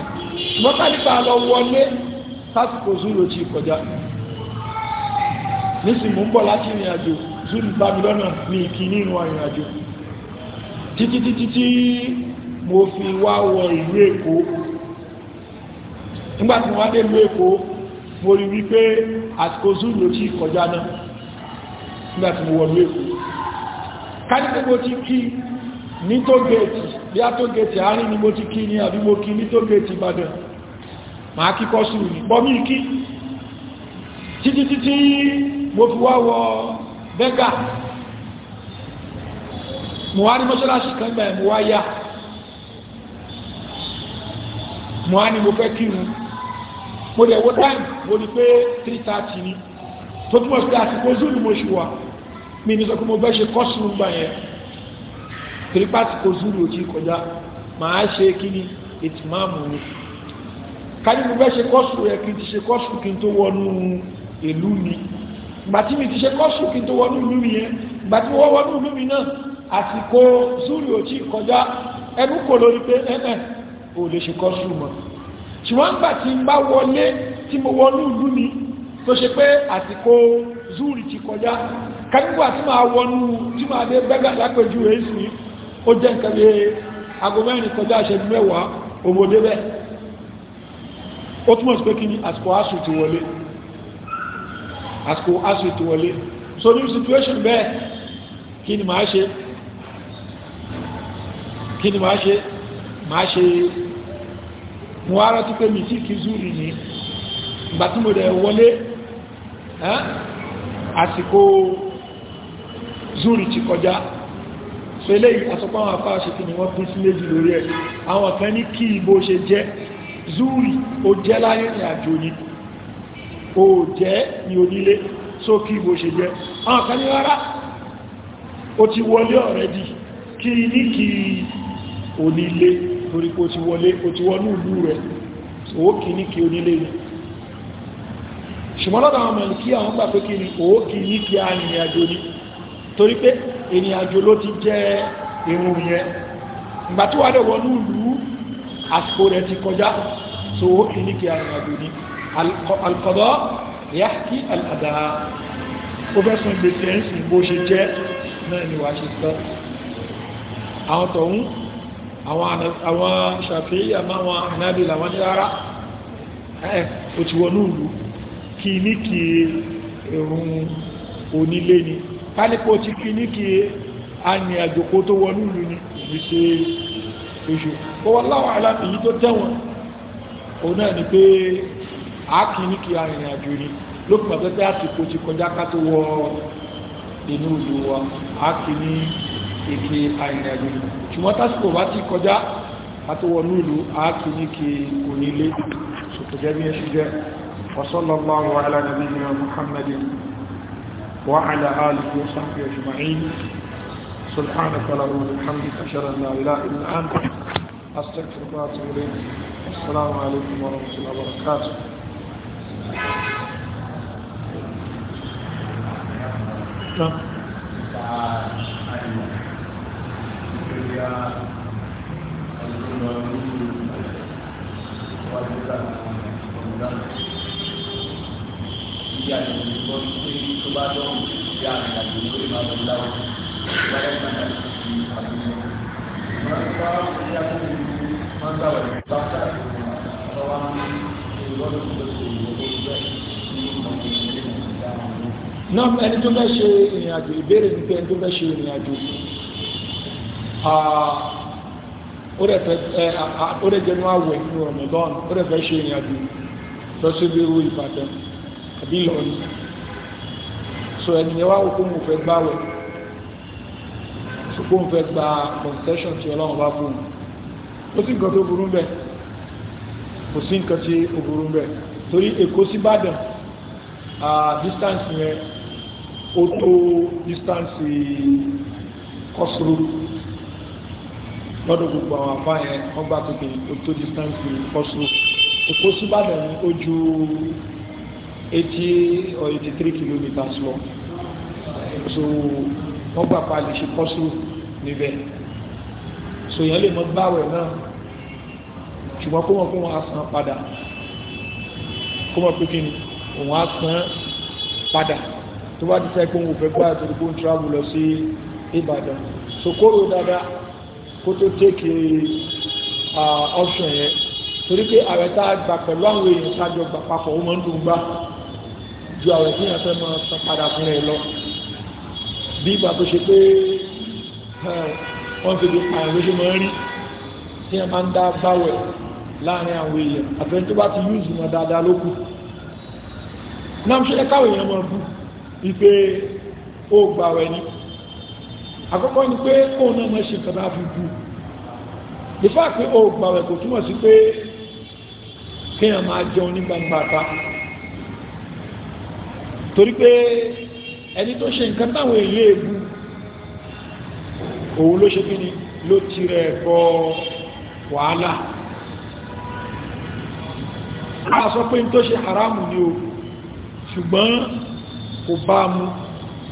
mọ́tàlípa lọ wọlé sásìkò zúrì ti kọjá nísìnyí mò ń bọ̀ láti ìrìn àjò zúrì bá mi lọ́nà ní ìkíní ìrìn àjò títí títí tí mo fi wá wọ ìlú èkó nígbà tí mo wá dé ìlú èkó mo rí wípé àsìkò zulu ló ti kọjá náà nígbà tí mo wọ ìlú èkó kájíkẹ́ mo ti kí ní tó gẹ̀ẹ́tì bí a tó gẹ̀ẹ́tì àárín ni mo ti kí ní àbí mo kí ní tó gẹ̀ẹ́tì ìbàdàn máa kíkọ́ sùúrù ní bọ́mí kí títí títí mo fi wá wọ bẹ́gà mo wá ní mọ́ṣáláṣí kan gbà mo wá yá mo wá ní mo fẹ́ kírun mo dẹ̀ wọ táìmù mo ní pé three thirty ni tó túmọ̀ sí pé àsìkò zoo ni mo ṣù wá mi ní sọ pé mo fẹ́ ṣe kọ́sùn gbà yẹn torí pé àsìkò ò ti kọjá màá ṣe kí ni ìtìmáàmù ni kájú mo fẹ́ ṣe kọ́sùn rẹ̀ kí n ti ṣe kọ́sùn kí n tó wọnú ìlú mi gbàtí mi ti ṣe kọ́sùn kí n tó wọnú ìlú mi yẹn gbàtí mo wọ́ wọnú ìlú mi náà àsìkò zúrì ò tí kọjá ẹnu kò lórí pé ẹ̀ẹ́ ò lè ṣe kọ́ sùn mọ́ ṣùgbọ́n gbà tí ń bá wọlé tí mo wọnú ìlú mi tó ṣe pé àsìkò zúrì ti kọjá kánígbà tí máa wọnú tí máa dé bẹ́gà lápẹjú èsì ó jẹ́ nǹkan aago mẹ́rin kọjá ìṣẹ́jú mẹ́wàá òwò débẹ̀ ó túnmọ̀ sí pé kí ni àsìkò asù ti wọlé àsìkò asù ti wọlé so ní situation bẹ́ẹ̀ kí ni màá ṣe kí ni máa ṣe máa ṣe mo wá rántí pé mi tí kì í zúrì ní ìgbà tí mo dẹ̀ wọlé àsìkò zúrì ti kọjá so eléyìí asọ́pọ̀ àwọn afá ṣe kí ni wọ́n pín sí méjì lórí ẹ̀ àwọn kan ní kí ibo ṣe jẹ́ zúrì ó jẹ́ láyé ìrìn àjò ni ó jẹ́ ní onílé so kí ibo ṣe jẹ́ àwọn kan ní rárá ó ti wọlé already kí ní kí onílé torí kó ti wọlé kó ti wọnú ìlú rẹ̀ òókì ní kí onílé ni ṣùgbọ́n lọ́dọ̀ àwọn mọ̀lìkí àwọn gbà pé kí ni òókì ní kí a rìnrìn àjò ní torí pé ìrìn àjò ló ti jẹ́ irun yẹn ìgbà tí wà dẹ̀ wọnú àwọn tọ̀hún àwọn ṣàfihì àmáwọn ànábìlà wọ́n ní rárá ẹ̀ o ti wọ́n núùlù kí ní kí ẹ̀rùn onílé ni ti kí ní kí a ní àjòkó tó wọ́n ni oṣù o wọ́n láwọn tó tẹ́wọ̀n pé a kì ní kí àjò ni kéde àìrìnàjò ṣùgbọ́n tásìkò bá ti kọjá àtọwọ̀nú ìlú ààtù ní kí onílé ṣòkòjẹ́ bí ẹṣù jẹ́ wasallallahu ala nabiyyina muhammadin wa ala alihi wa sahbihi ajma'in subhanaka lahu alhamdulillah ashhadu an la Thank you ya alùpùpù wà nípa ọ̀gá ìyá ìgbìmọ̀ pé tó bá dọ̀hùn ìyá àgbàdo ló máa ń dáwọ́ láyé náà ti àbúrò. máa ń bá ìyá tó ń lu máa ń dáwọ́ ìlú bá sáà tó wà ní ìlọ́dún tó ṣe ìwọ́n tó ẹni tó bẹ́ ṣe ìrìn àjò ìbéèrè nípa ẹni tó bẹ́ ṣe ìrìn àjò ó rẹ̀ jẹnu àwẹ̀ ní de ó rẹ̀ fẹ́ ṣe ìrìn àjò lọ sí ilé ìwé Ìbàdàn àbí Ìlọrin so ẹnìyẹn wá wò kó mo fẹ́ gbáwẹ̀ kó mo fẹ́ gba concession tí Ọlọ́run bá fún un ó sì nǹkan tó burú bẹ́ẹ̀ kò sí nǹkan tí ó burú bẹ́ẹ̀ torí Èkó sí distance yẹn ó tó distance kọ́sùrù lọ́dọ̀ gbogbo àwọn afá yẹn wọ́n gbà tó kè tó distance to Oslo Èkó síbàdàn ní ojú eighty or eighty three kilometers lọ so wọ́n gbà pa lè ṣe Oslo níbẹ̀ so yẹn lè mọ gbàwẹ̀ náà ṣùgbọ́n kó wọn kó wọn á san padà kó wọn pé kí ni òun á san padà tó bá ti sẹ́ pé òun ò fẹ́ gbà tó kó ń travel lọ sí Ìbàdàn so kóró dáadáa kó tó tẹ́kì option yẹn torí pé ààrẹ tá a gbà pẹ̀lú àwọn èèyàn tá a jọ gbà papọ̀ ó máa ń dùn gbà ju ààrẹ tí yẹn fẹ́ máa san padà fún ẹ lọ bí ìgbà tó ṣe pé wọ́n fi lè pààyàn ló ṣe máa ń rí tí yẹn máa ń dá báwẹ̀ láàrin àwọn èèyàn àfẹ́ni tó bá ti yúùsì wọn dáadáa ló kù náà ṣe káwé yẹn máa bú wípé ó gbà ni àkọ́kọ́ ni pé kóò náà mọ́ ṣe kàbá fi bú lè pé o gbàwẹ̀ kò túmọ̀ sí pé kéèyàn máa jẹun ní gbangba ta torí pé ẹni tó ṣe nǹkan táwọn èèyàn ègbú òun ló ṣe kí ni ló ti rẹ̀ bọ wàhálà a sọ pé tó ṣe haramu ni o ṣùgbọ́n kò bá mu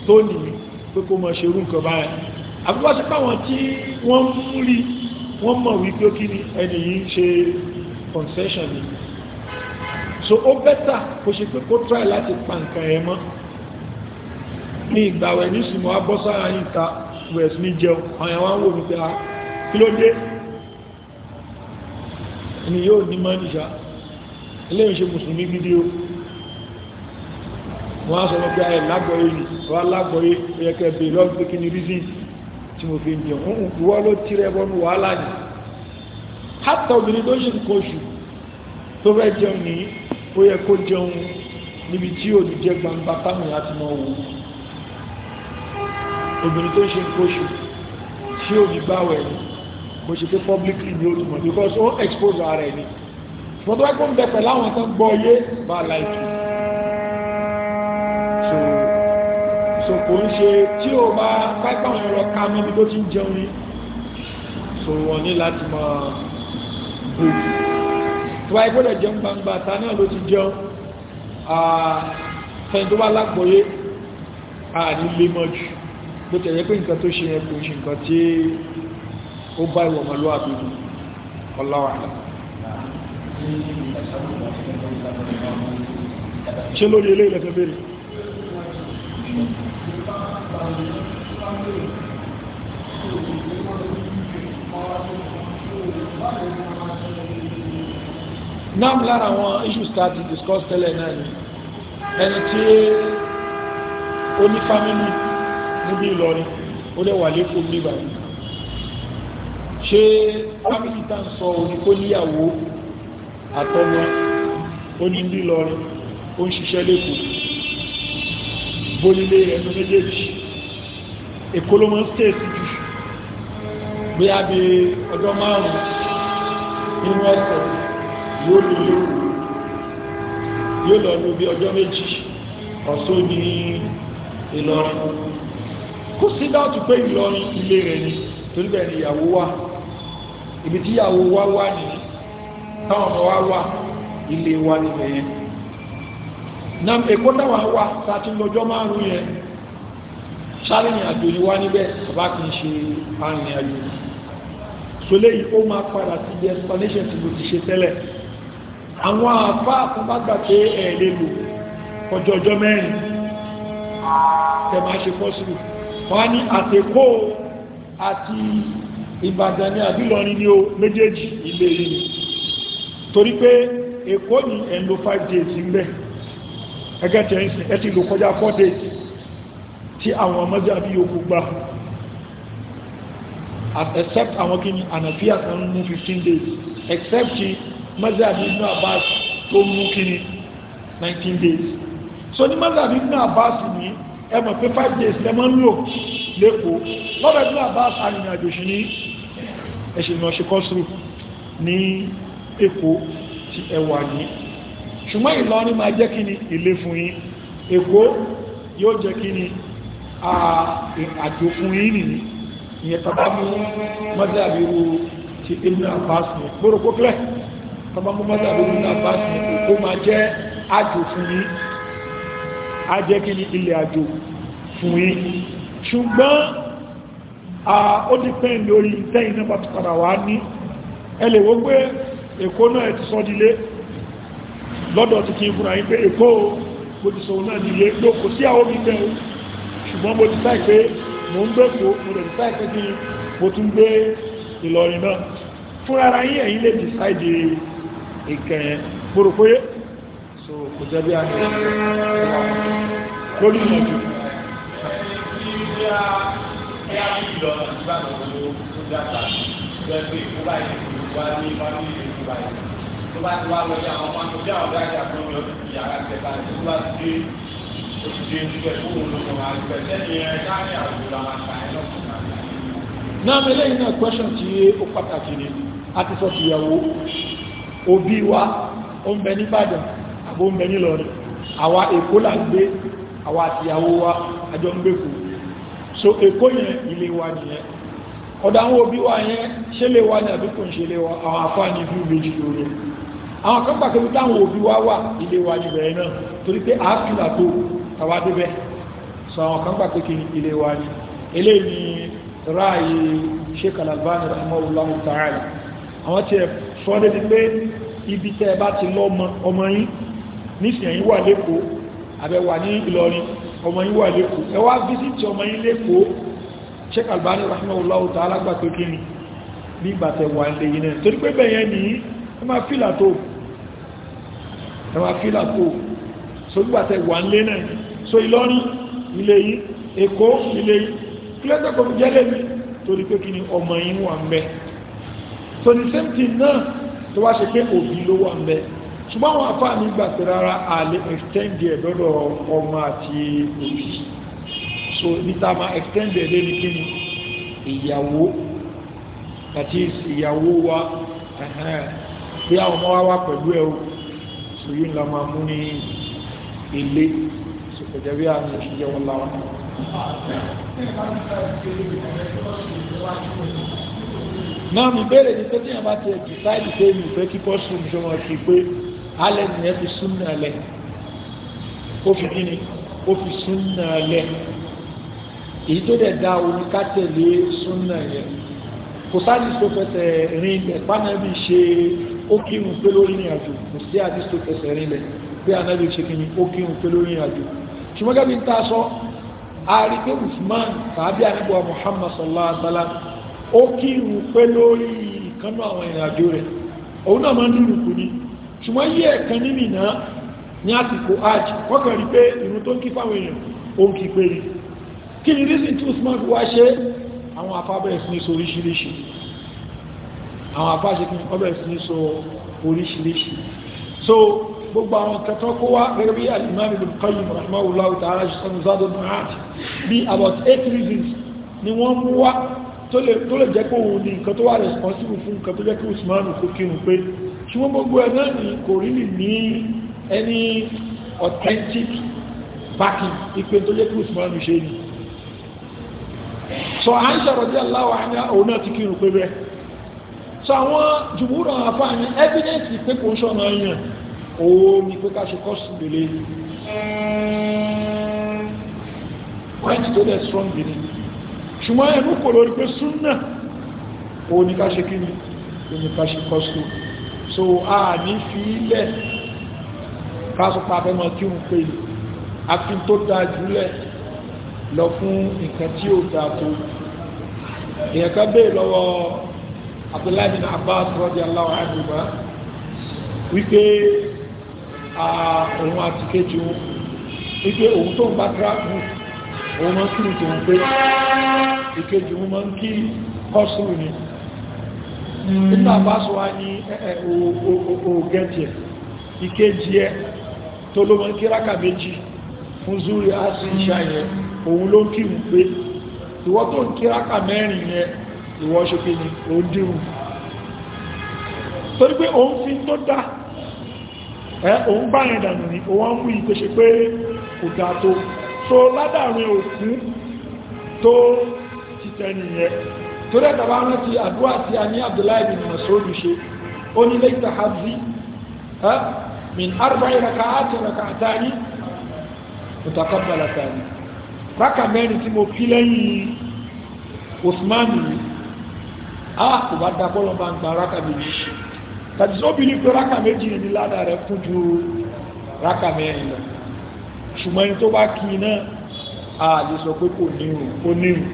tó nìyí pé kó mọ̀ ṣerú nǹkan báyìí àbúkọ́ sí pàwọn tí wọ́n mú rí wọ́n mọ̀ wípé kí ni ẹni yìí ń ṣe concession ni so ó bẹ́tà kò ṣe pé kó try láti pa nǹkan ẹ̀ mọ́ ní ìgbàwẹ̀ ní ìsìnmọ̀ abọ́sára yìí ta wẹ̀s ní jẹun ọ̀yàn wá wò wípé a ah, kí ló dé ni yóò ní mọ́nìṣà eléyìn ṣe mùsùlùmí gidi o wọ́n á sọ wọ́n pé a ẹ̀ wọ́n á lágbọ̀ọ́yé ó bèèrè ọ́gbẹ́kíní reason tí mo fi ń jẹun òun ìwọ ló tirẹ̀ bọ́nu wàhálà ni hátà obìnrin tó ṣe nǹkan oṣù tó fẹ́ jẹun ní ó yẹ kó jẹun níbi tí ò ní jẹ gbangba táwọn èèyàn ti mọ wò obìnrin tó ṣe nǹkan oṣù tí ò ní gbáwẹ̀ ni mo ṣe pé publicly ni ó ti mọ̀ because ó expose ara ẹ̀ ni ṣùgbọ́n tó wá kó bẹ pẹ̀lú àwọn tó ń gbọ́ yé bá láìpẹ́ so kò ń ṣe tí o bá pápá àwọn ẹ̀rọ ká mọ́ tó ti ń jẹun ni so wọ́n ní láti mọ bò tó wáyé gbọ́dọ̀ jẹun gbangba ta náà ló ti jẹun fẹ́ni tó bá lágbóyé àní lè mọ́ jù bó tẹ̀lé pé nǹkan tó ṣe yẹn kò ṣe nǹkan tí ó bá ìwọ̀ mọ́ ló àbídù ṣe lórí ilé ìlẹ́fẹ́ bèèrè náà lára àwọn issues tá a ti discuss tẹ́lẹ̀ náà ni ẹni tí ó ní family níbi Ìlọrin ó lè wà lẹ́kọ̀ọ́ nígbà yìí ṣé family tá ń sọ òní kó níyàwó àtọmọ ó ní nílọrin ó ń ṣiṣẹ́ lẹ́kọ̀ọ́ bónílé ẹnu méjèèjì èkó steeti mọ́ stéètì jù bí a bí ọjọ́ márùn-ún nínú ọ̀sẹ̀ yóò lò yóò yóò lọ lò bí ọjọ méjì ọ̀sọ́ ní Ìlọrin kò sí dáàtù pé Ìlọrin ilé rẹ̀ ni torí bẹ́ẹ̀ ni ìyàwó wà ibi tí ìyàwó wá wà ní táwọn ọmọ wà ilé wa nam èkó náà wà sáàrin àjò ni wá níbẹ̀ bàbá kìí ṣe àrin àjò so lè yìí ó máa padà sí the explanation tí mo ti ṣe tẹ́lẹ̀ àwọn àfá àkọ́bàgbà pé ẹ̀ẹ́dẹ́ lò ọjọ́ ọjọ́ mẹ́rin tẹ máa ṣe fọ́sùlù wọ́n ní àtẹ́kó àti Ìbàdàn ní àbílọrin ní o méjèèjì ilé ìlú torí pé Èkó ní ẹ̀lò 5 days ń bẹ̀ ẹgẹ́ tẹ̀ ẹ̀ ti lò kọjá 4 days tí àwọn mọ́jábí yòókù gbà except àwọn kí ni ànàfíà kan mú 15 days except kí mọ́jábí Ibn Abbas tó mú kí ni 19 days so ní mọ́jábí Ibn Abbas ní ẹmọ̀ pé 5 days lẹ́mọ́ ń lò lẹ́kọ̀ọ́ lọ́dọ̀ Ibn Abbas arìnrìnàjò sí ní ẹ̀ṣìnà ṣekọ́sùrù ní Èkó ti ẹwà ní ṣùgbọ́n Ìlọrin máa jẹ́ kí ni ilé fún yín Èkó yóò jẹ́ kí ni àjò fún yìí nìyí ìyẹn tàbá mú mọ́sàbí ru ti ibùdó àbáṣ ní gbọ́rọ̀ kó kílẹ̀ tàbá mú mọ́sàbí ru ibùdó àbáṣ ní kó máa jẹ́ àjò fún yìí á jẹ́ kí ni ilẹ̀ àjò fún yìí ṣùgbọ́n ó ti pẹ́ lórí tẹ́yìn náà bá ti padà wá ní ẹlẹ̀ wọ́n pé èkó náà ti sọ dílé lọ́dọ̀ ti kí fúnra yí pé èkó kò ti sọ náà nílé ló kò sí àwọn òbí tẹ́ ṣùgbọ́n mo decide pé mo ń gbé kó mo lè decide pé kí mo tún gbé Ìlọrin náà fún ara yín ẹ̀yin lè decide ìkẹyẹn gbòrò pé so kò jẹ́ bí a ní lórí ìlọ́jú náà mi lẹ́yìn náà question tí ó pàtàkì ni a ti sọ tìyàwó òbí wa ó ń bẹ ní Ìbàdàn àbó ń bẹ ní Ìlọrin àwa Èkó là ń gbé wa àjọ ń gbèkú so Èkó yẹn ilé wa nìyẹn ọ̀dọ̀ àwọn òbí wa yẹn ṣe lè wá ní àbíkò ń ṣe lè wá àwọn àfáà ní bí méjì lórí àwọn kan pàtàkì táwọn òbí wa wà ilé wa níbẹ̀ náà torí pé àáfíà tó tàwa débẹ̀ sọ àwọn kan gbà pé ilé wa ni eléyìí ni ráàyè Sheikh Al-Albani rahimahullahu ta'ala àwọn tí ẹ sọ débi pé ibi tẹ́ ẹ bá ti lọ ọmọ yín nísìnyẹ̀yìn wà lẹ́kọ̀ọ́ àbẹ̀wà ní Ìlọrin ọmọ yín wà lẹ́kọ̀ọ́ ẹ wá fíṣítì ọmọ yín lẹ́kọ̀ọ́ Sheikh Al-Albani rahimahullahu ta'ala gbà pé ni bí ìgbàtẹ̀ wà ilé yìí náà torí pé bẹ̀yẹn ní ẹ so Ìlọrin ilé yìí Èkó ilé yìí kílẹ́tọ̀ kò fi jẹ́lẹ̀ mi torí pé kí ni ọmọ yìí wà ń bẹ so the same thing náà tó wá ṣe pé òbí ló wà ń ṣùgbọ́n àwọn afáà ní gbà pé rárá àlè extend ẹ̀ lọ́dọ̀ ọmọ àti òbí so níta ma extend ẹ̀ lé ní kí ni ìyàwó àti ìyàwó wa bí àwọn ọmọ wa wá pẹ̀lú ẹ̀ o so yìí ń la máa mú ní ilé kò jẹ́ bí àmì ìṣìjẹ́ wọn lára. náà mi béèrè ní pé tíyànbá ti ẹ̀ dìsáìdì pé mi ò fẹ́ kí kọ́sùn ṣe wọn fi pé alẹ́ nìyẹn fi súnà lẹ̀ ó fi kí ni ó fi súnà lẹ̀ èyí tó dẹ̀ da oníkátẹ̀lé súnà yẹn kò sáàdì tó fẹsẹ̀ rìn lẹ̀ pánàbí ṣe ó kírun pé lórí ìrìn àjò kò sí àdìsó fẹsẹ̀ rìn lẹ̀ pé ànábì ṣe kí ni ó kírun pé lórí ìrìn àjò ṣùgbọ́n gẹ́gẹ́ bí n ta sọ ààrí pé Usman tàbí àníbọ̀ Muhammad sallallahu alaihi wasallam ó kírun pé lórí ìkánú àwọn ìrìnàjò rẹ̀ òun náà máa ń dúró kù ní ṣùgbọ́n yí ẹ̀kan nínú ìná ní àsìkò aj kọ́kàn rí pé ìrun tó ń kí fáwọn èèyàn ó ń kí pé rí kí ni reason tí Usman fi wá ṣe àwọn afábẹ́ ìsìn so oríṣiríṣi àwọn afáṣe kí ọbẹ̀ ìsìn so oríṣiríṣi so gbogbo àwọn kẹtọ́ kó wá gẹ́gẹ́ bí alimami bin qayyim rahimahullah ta'ala ṣe sanu zadu ma'at about eight reasons ni wọ́n mú wá tó lè jẹ́ pé òun ni nǹkan tó wà responsible fún nǹkan tó jẹ́ pé usman kò kírun pé tí wọ́n gbogbo ẹ̀ náà ni kò rí lè ní any authentic backing ìpè tó jẹ́ pé usman ṣe ni so Aisha radiyallahu anha òun náà ti kírun pé bẹ́ẹ̀ so àwọn jùmúrò àfáàní evidence pé kò ń ṣọ́nà yàn owó ní pé káṣe kọ́sù lè point tó dẹ̀ strong gini ṣùgbọ́n ẹ̀rù kò lórí pé súnnà owó ní káṣe kí ni ó ní káṣe kọ́sù so a ní fi ilẹ̀ káṣùpá abẹ́mọ̀ tí ó ń pè àfi tó da jùlẹ̀ lọ fún nǹkan tí ó da tó èèyàn ká bẹ́ẹ̀ lọ́wọ́ Abdullahi bin Abbas radiyallahu anhu wípé òun àti kejì wọn wípé òun tó ń bá tíráàkù òun máa ń kí ní tí wọ́n pé ìkejì wọn máa ń kí kọ́sùrù ni nígbà bá sọ wá ní ọ̀gẹ́tì ẹ̀ ìkejì ẹ tó ló máa ń kí rákà méjì fún zúrí àti ìṣà yẹn òun ló ń kí ń pé ìwọ tó ń kí rákà mẹ́rin yẹn ìwọ òun bá yẹn dànù ní òun ń mú ìgbé ṣe pé kò dá tó so ládàrin òkú tó ti tẹ́ni yẹn tó dẹ́ta bá rántí àdúrà tí a ní Abdullahi bin Mas'ud ṣe ó ní lẹ́yìn tàbí min arba'i raka'ati raka'atani mutakabbalatani rákà mẹ́rin tí mo kí lẹ́yìn Usman yìí a kò bá dá bọ́lọ̀ bá ń gba rákà méjì tàbí sóbìnrin pé rákà méjì ní ládà rẹ̀ kún ju rákà mẹ́rin lọ ṣùgbọ́n ẹni tó bá kí i náà a lè sọ pé kò nírun ó nírun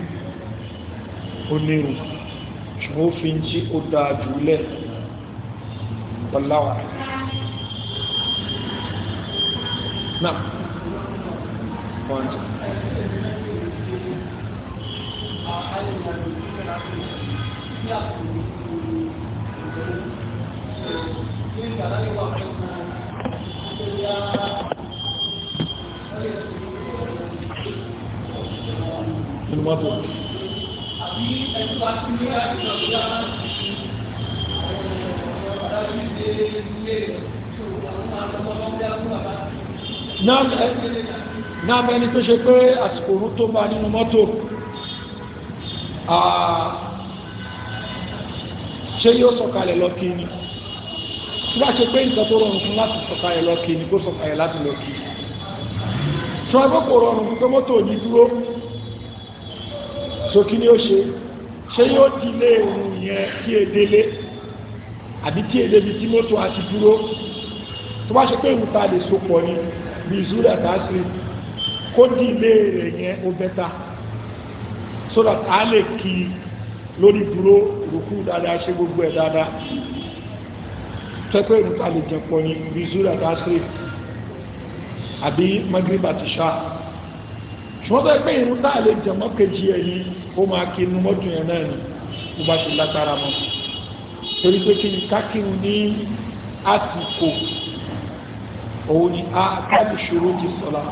ó nírun ṣùgbọ́n ó fi ń tí ó dáa jù lẹ̀ pọ̀láwà Thank you mọ́tò. náà bẹni tó ṣe pé àsìkò orú tó bá nínú mọ́tò ṣe yóò sọ̀kalẹ̀ lọ kí ni tí wàá ṣe pé nǹkan tó rọrùn fún láti sọ̀kalẹ̀ lọ kì í ni kó sọ̀kalẹ̀ láti lọ kì í tí wọ́n gbọ́kọ̀ rọrùn fún pé mọ́tò ní dúró so kí ni ó ṣe ṣé yóò ti lé ohun yẹn kí edele àbí tí edele tí mọ́tò á ti dúró tó bá ṣe pé ìwúta lè so pọ̀ ni bí zúrẹ̀ tásìrì kó dì ilé rẹ̀ yẹn ó bẹ́ta so that a lè kí lórí dúró ìrùkú dáadáa ṣe gbogbo ẹ̀ dáadáa tẹ́pẹ́ ìrúta lè jẹpọ̀ ní bí zura àbí magrib àti ṣá ṣùgbọ́n tẹ́pẹ́ ìrúta lè jẹmọ́ kejì ẹ̀yìn ó máa kí inú mọ́tò yẹn náà ni ó bá ti látara mọ́ torí pé kí ni kákìrún ní àsìkò òun ni a káàdì ṣòro ti sọ̀la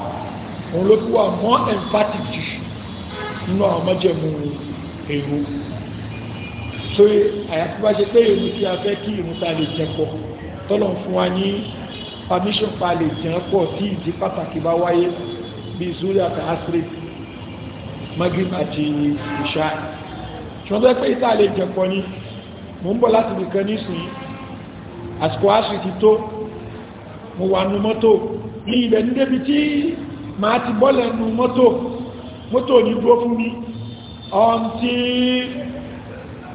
òun ló fi wà mọ́ emphatic jù nínú àwọn mọ́jẹ̀mú èrò so àyàfi bá ṣe pé ìrún tí a fẹ́ kí ìrún ta lè jẹpọ̀ tọ́lọ̀ fún wa ní permission pa lè jẹ́ pọ̀ tí ìdí pàtàkì bá wáyé bí zuri àti asiri magrib àti ìṣá ṣùgbọ́n bẹ́ẹ̀ pé ìta lè jẹ́ pọ̀ ni mo ń bọ̀ láti nìkan nísìnyí àsìkò asiri ti tó mo wà nu mọ́tò ní ibẹ̀ ní débi tí màá ti bọ́lẹ̀ nu mọ́tò mọ́tò ní dúró fún mi ọ̀n tí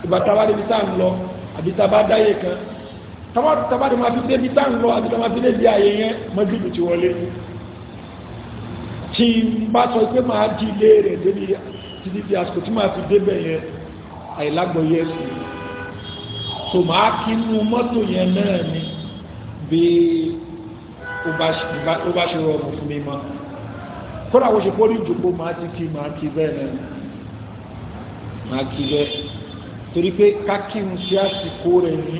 ìbàtàwádìí bí sáà ń lọ àbí tá dáyé kan tabadi ma fi débi tá ń lọ àti tá ma fi débi ààyè yẹn mọ́júbù ti wọlé tí n bá sọ pé máa jí ilé rẹ̀ débi títí di àsìkò tí máa fi débẹ̀ yẹn àìlágbọ̀yé ẹ̀sìn tó máa kí inú mọ́tò yẹn náà ni bí ó bá ṣe rọrùn fún mi mọ́ kódà wọ́n ṣe kórìí ìjòkó máa ti kí máa kí bẹ́ẹ̀ náà máa kí bẹ́ẹ̀ torí pé kákí ń ṣe àsìkò rẹ̀ ní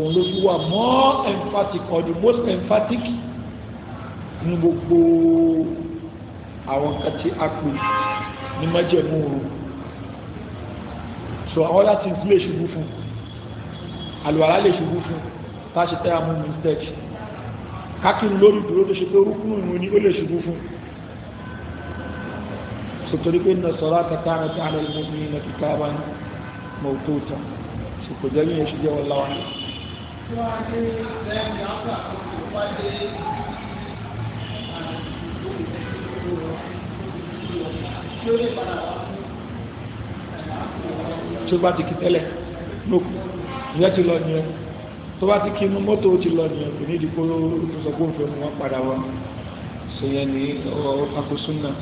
òun ló fi wà more emphatic or the most emphatic ní gbogbo àwọn kan tí ní májẹ̀mú oru so àwọn láti ń lè ṣubú fún àlùwàlá lè ṣubú fún táṣe tẹ́ àmú mistake kákìrì lórí dúró tó ṣe tó rúkún ìwọ̀n ni ó lè ṣubú fún sotori pé nà sọ́rọ̀ àtàkàrà tí a lè mú bá ní mọ̀tótà so kò jẹ́ yíyẹ ṣe jẹ́ wọ́n láwọn tí wọ́n á dé lẹ́yìn áfà tó bá dé tí ó bá ti kí tẹ́lẹ̀ lókù ìyẹ́ ti lọ ní ẹ tó bá ti kí inú mọ́tò ó ti lọ ní ẹ kò ní ìdíkó tó sọ pé òfin wọn padà wá sọ yẹn ní ọ̀rọ̀ takosún náà.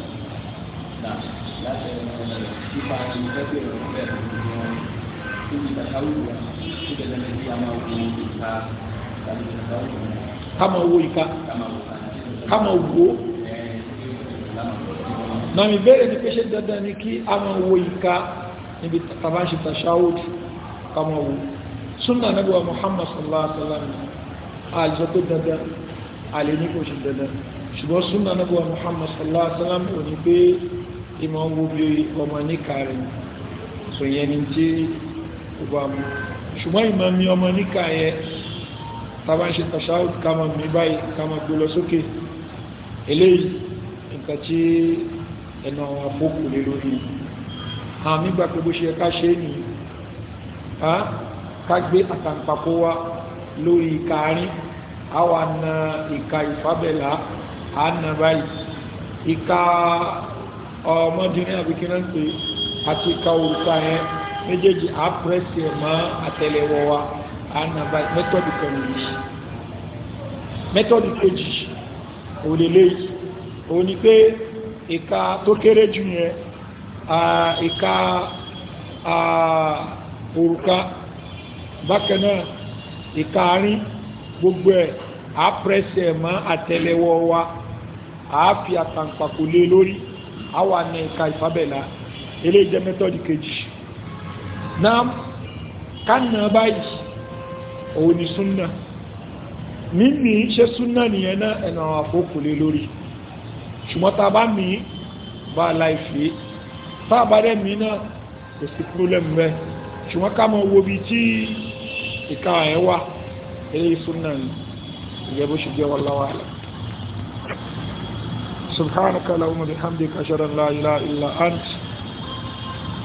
láti ẹ̀rọ ìgbà tí wọ́n ti fẹ́ bẹ̀rẹ̀ ọ̀rọ̀ bẹ̀rẹ̀ ọ̀rọ̀ bẹ̀rẹ̀ kama wo ìka kama wo na mi bẹ̀rẹ̀ ní pé ṣe dandan ní kí a ma wo ìka níbi tàbá ṣe tàṣáwòdì kama wo sunna nabi wa muhammad sallallahu alaihi wasallam a jẹ́ pé dandan a lè ní kò ṣe dandan sunna nabi wa muhammad sallallahu alaihi wasallam ò ní pé ìmọ̀ wo bí ọmọ ní kàrin sọ yẹn ní tí ó ṣùgbọ́n ìmọ̀ mi ọmọ níkà yẹn tàbá ṣe tashahud kama mi báyìí kama gbé lọ sókè eléyìí nǹkan tí ẹnu àwọn afọ́kù lé lórí àwọn nígbà pé bó ṣe ká ṣe ní ká gbé àtàǹpàkó wá lórí ìkaarín àwọn àna ìka ìfábẹ́lá àna báyìí ìka ọmọdúnrún àbíkínà ń pè àti ìka òrùka yẹn méjèèjì á pẹ́sì ẹ̀ mọ́ àtẹlẹwọ́ wa á nà báyìí mẹ́tọ́dù pẹ̀lú yìí mẹ́tọ́dù kejì òlélẹ́ yìí òun ni pé ìka tó kéré jù yẹn ìka òrùka bákan náà ìka àárín gbogbo ẹ̀ á pẹ́sì ẹ̀ wa á fi àtàǹpàkò lé lórí á wà ìka ìfábẹ́lá eléyìí jẹ́ mẹ́tọ́dù kejì náà kánà báyìí òun ni súnnà mímí ṣe súnnà nìyẹn náà ẹ̀nà àwọn àfókù lé lórí ṣùgbọ́n ta bá mí bá láìfẹ́ tá a bá rẹ̀ mí náà kò sí pírólẹ́mù rẹ̀ ṣùgbọ́n ká mọ wo bí tí ìka ẹ̀ wà eléyìí súnnà ni ìyẹ́ bó ṣe jẹ́ wọn láwàá سبحانك اللهم بحمدك أشهد أن لا إله إلا أنت